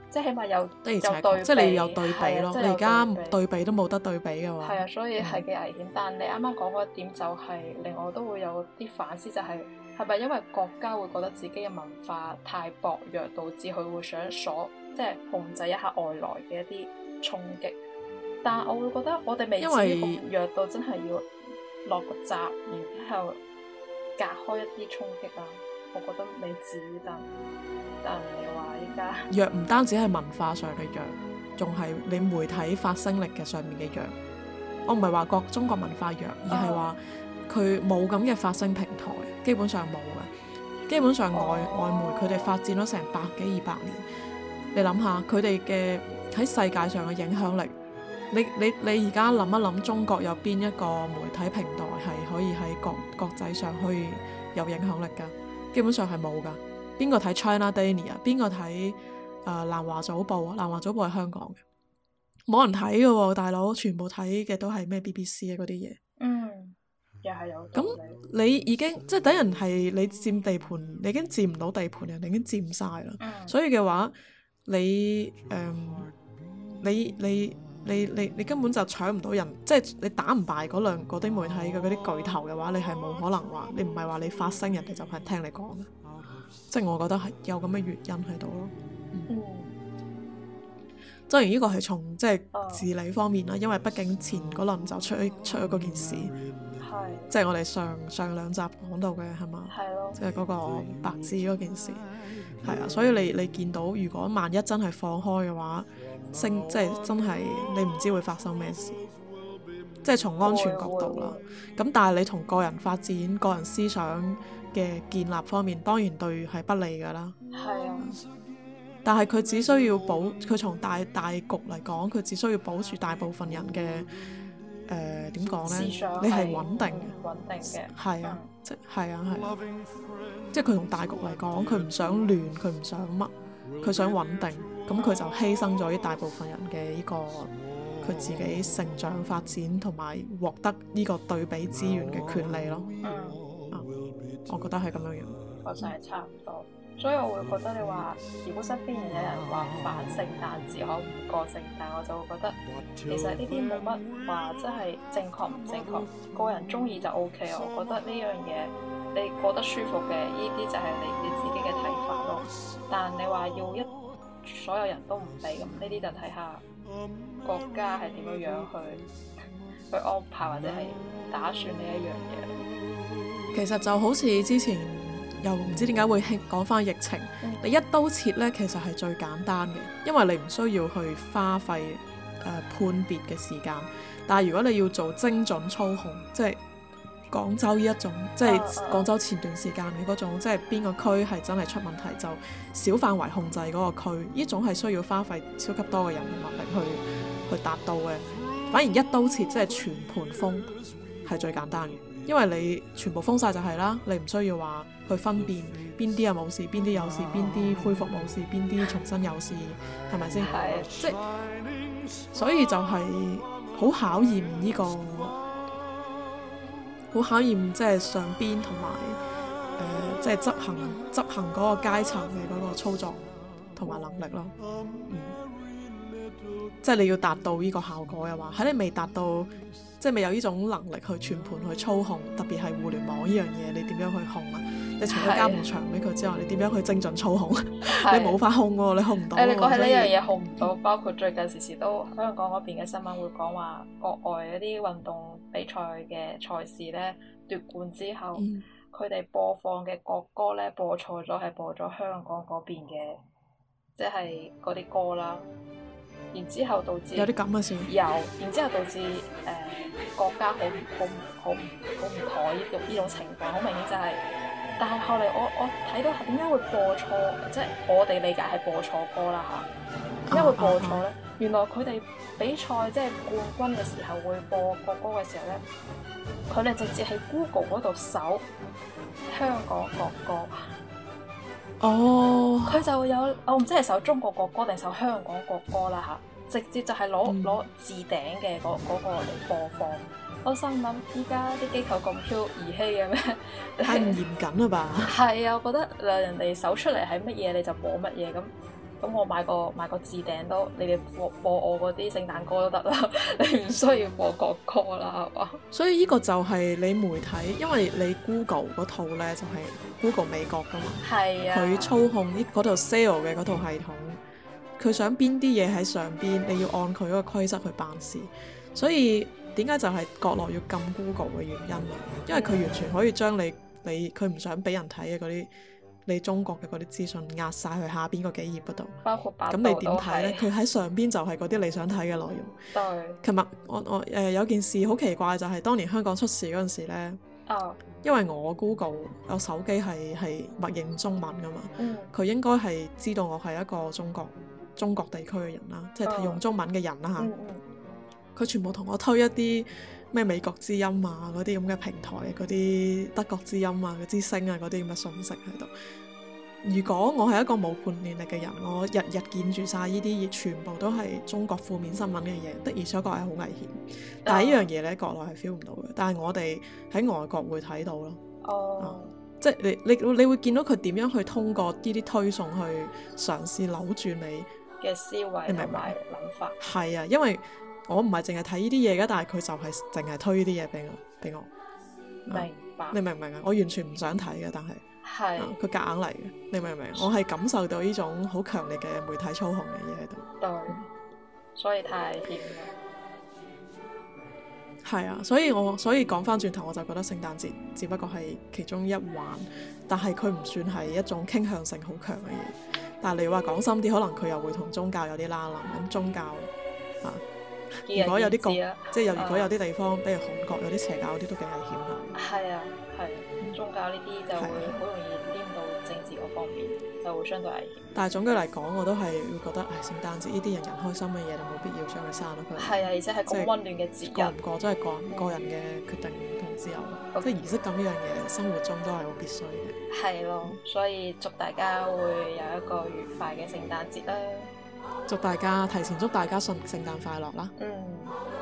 即係起碼有，即係你有對比咯。我而家對比都冇得對比嘅話，係啊，所以係幾危險。但係你啱啱講開一點、就是，就係令我都會有啲反思、就是，就係係咪因為國家會覺得自己嘅文化太薄弱，導致佢會想鎖，即係控制一下外來嘅一啲衝擊。但我會覺得我哋未至於弱到真係要落個閘，然後隔開一啲衝擊啊。我覺得未至於，但但你話依家弱唔單止係文化上嘅弱，仲係你媒體發聲力嘅上面嘅弱。我唔係話國中國文化弱，而係話佢冇咁嘅發聲平台，基本上冇噶。基本上外、哦、外媒佢哋發展咗成百幾二百年，你諗下佢哋嘅喺世界上嘅影響力。你你你而家諗一諗，中國有邊一個媒體平台係可以喺國國際上可以有影響力噶？基本上係冇㗎，邊個睇 China Daily 啊？邊個睇啊南華早報啊？南華早報係香港嘅，冇人睇嘅喎，大佬全部睇嘅都係咩 BBC 啊嗰啲嘢。嗯，又係有。咁你已經即係等人係你佔地盤，你已經佔唔到地盤，人哋已經佔晒啦。嗯。所以嘅話，你誒你、呃、你。你你你你根本就搶唔到人，即係你打唔敗嗰兩個啲媒體嘅嗰啲巨頭嘅話，你係冇可能話，你唔係話你發聲，人哋就係聽你講。即係我覺得係有咁嘅原因喺度咯。嗯，雖、嗯、然呢個係從即係治理方面啦，因為畢竟前嗰輪就出出咗嗰件事。即係我哋上上兩集講到嘅係嘛，即係嗰個白紙嗰件事，係啊，所以你你見到如果萬一真係放開嘅話，升即係真係你唔知會發生咩事，即係從安全角度啦，咁但係你同個人發展、個人思想嘅建立方面，當然對係不利噶啦，係啊，但係佢只需要保，佢從大大局嚟講，佢只需要保住大部分人嘅。誒點講呢？你係穩定嘅、嗯，穩定嘅，係啊，即係啊，係，即係佢同大局嚟講，佢唔想亂，佢唔想乜，佢想穩定，咁佢就犧牲咗一大部分人嘅呢個佢自己成長發展同埋獲得呢個對比資源嘅權利咯。嗯，啊，我覺得係咁樣樣。我就係差唔多。所以我會覺得你話，如果身邊有人話反聖誕節，可唔過聖誕，我就會覺得其實呢啲冇乜話即係正確唔正確，個人中意就 O、OK, K 我覺得呢樣嘢你覺得舒服嘅，呢啲就係你你自己嘅睇法咯。但你話要一所有人都唔俾咁，呢啲就睇下國家係點樣樣去去安排或者係打算呢一樣嘢。其實就好似之前。又唔知點解會興講返疫情？你一刀切呢，其實係最簡單嘅，因為你唔需要去花費誒、呃、判別嘅時間。但係如果你要做精準操控，即係廣州呢一種，即係廣州前段時間嘅嗰種，即係邊個區係真係出問題，就小範圍控制嗰個區，呢種係需要花費超級多嘅人力物力去去達到嘅。反而一刀切，即係全盤封，係最簡單嘅。因為你全部封晒就係啦，你唔需要話去分辨邊啲又冇事，邊啲有事，邊啲恢復冇事，邊啲重新有事，係咪先？係，即係所以就係好考驗呢個，好考驗即係上邊同埋誒，即係執行執行嗰個階層嘅嗰個操作同埋能力咯。嗯，即係你要達到呢個效果嘅話，喺你未達到。即係未有呢種能力去全盤去操控，特別係互聯網呢樣嘢，你點樣去控啊？你的除咗加門牆俾佢之外，你點樣去精準操控？的 *laughs* 你冇法控喎，你控唔到。誒、哎，你講係呢樣嘢控唔到，包括最近時時都香港嗰邊嘅新聞會講話，國外一啲運動比賽嘅賽事咧奪冠之後，佢哋、嗯、播放嘅國歌咧播錯咗，係播咗香港嗰邊嘅，即係嗰啲歌啦。然之後導致有啲咁嘅事，有，然之後導致誒、呃、國家好好好好唔妥呢種依種情況，好明顯就係，但係後嚟我我睇到點解會播錯，即係我哋理解係播錯歌啦嚇，點解會播錯咧？Oh, oh, oh, oh. 原來佢哋比賽即係冠軍嘅時候會播國歌嘅時候咧，佢哋直接喺 Google 嗰度搜香港國歌。哦，佢、oh. 就會有，我唔知係首中國國歌定係首香港國歌啦吓，直接就係攞攞置頂嘅嗰個嚟播放。我心諗依家啲機構咁 Q 兒戲嘅咩？ *laughs* 太唔嚴謹啦吧？係啊， *laughs* 我覺得嗱人哋搜出嚟係乜嘢你就播乜嘢咁。咁我買個買個置頂都，你哋播播我嗰啲聖誕歌都得啦，你唔需要播國歌啦，係嘛？所以呢個就係你媒體，因為你 Google 嗰套呢，就係 Google 美國噶嘛，佢、啊、操控呢嗰套 SEO 嘅嗰套系統，佢想邊啲嘢喺上邊，你要按佢嗰個規則去辦事。所以點解就係國內要禁 Google 嘅原因，因為佢完全可以將你你佢唔想俾人睇嘅嗰啲。你中國嘅嗰啲資訊壓晒去下邊個幾頁嗰度，包括。咁你點睇呢？佢喺是上邊就係嗰啲你想睇嘅內容。嗯、對。琴日我我誒、呃、有件事好奇怪，就係、是、當年香港出事嗰陣時咧，哦、因為我 Google 我手機係係默認中文噶嘛，佢、嗯、應該係知道我係一個中國中國地區嘅人啦，即係用中文嘅人啦嚇，佢、哦嗯、全部同我推一啲。咩美國之音啊，嗰啲咁嘅平台嗰啲德國之音啊、嘅之星啊嗰啲咁嘅信息喺度。如果我係一個冇判斷力嘅人，我日日見住晒呢啲嘢，全部都係中國負面新聞嘅嘢，的而且確係好危險。但係呢樣嘢咧，國內係 feel 唔到嘅，但係我哋喺外國會睇到咯。哦、oh. 嗯，即係你你你會見到佢點樣去通過呢啲推送去嘗試扭轉你嘅思維同埋諗法。係啊，因為。我唔係淨係睇呢啲嘢嘅，但係佢就係淨係推呢啲嘢俾我。俾我。明白。啊、你明唔明啊？我完全唔想睇嘅，但係，係佢夾硬嚟嘅。你明唔明？然我係感受到呢種好強烈嘅媒體操控嘅嘢喺度。對，所以太偏。係 *laughs* 啊，所以我所以講翻轉頭，我就覺得聖誕節只不過係其中一環，但係佢唔算係一種傾向性好強嘅嘢。但係你話講深啲，可能佢又會同宗教有啲拉褦。咁宗教啊。如果有啲國，即係有如果有啲地方，啊、比如韓國有啲邪教嗰啲都幾危險嚇。係啊，係、啊啊。宗教呢啲就會好容易黏到政治嗰方面，啊、就會相對危險。但係總嘅嚟講，我都係會覺得，係、哎、聖誕節呢啲人人開心嘅嘢，就冇必要將佢刪咗佢，係啊，而且係咁溫暖嘅節日。過唔過真係個人個人嘅決定同自由。即係儀式感呢樣嘢，生活中都係好必須嘅。係咯、啊，所以祝大家會有一個愉快嘅聖誕節啦！祝大家提前祝大家聖聖誕快樂啦！嗯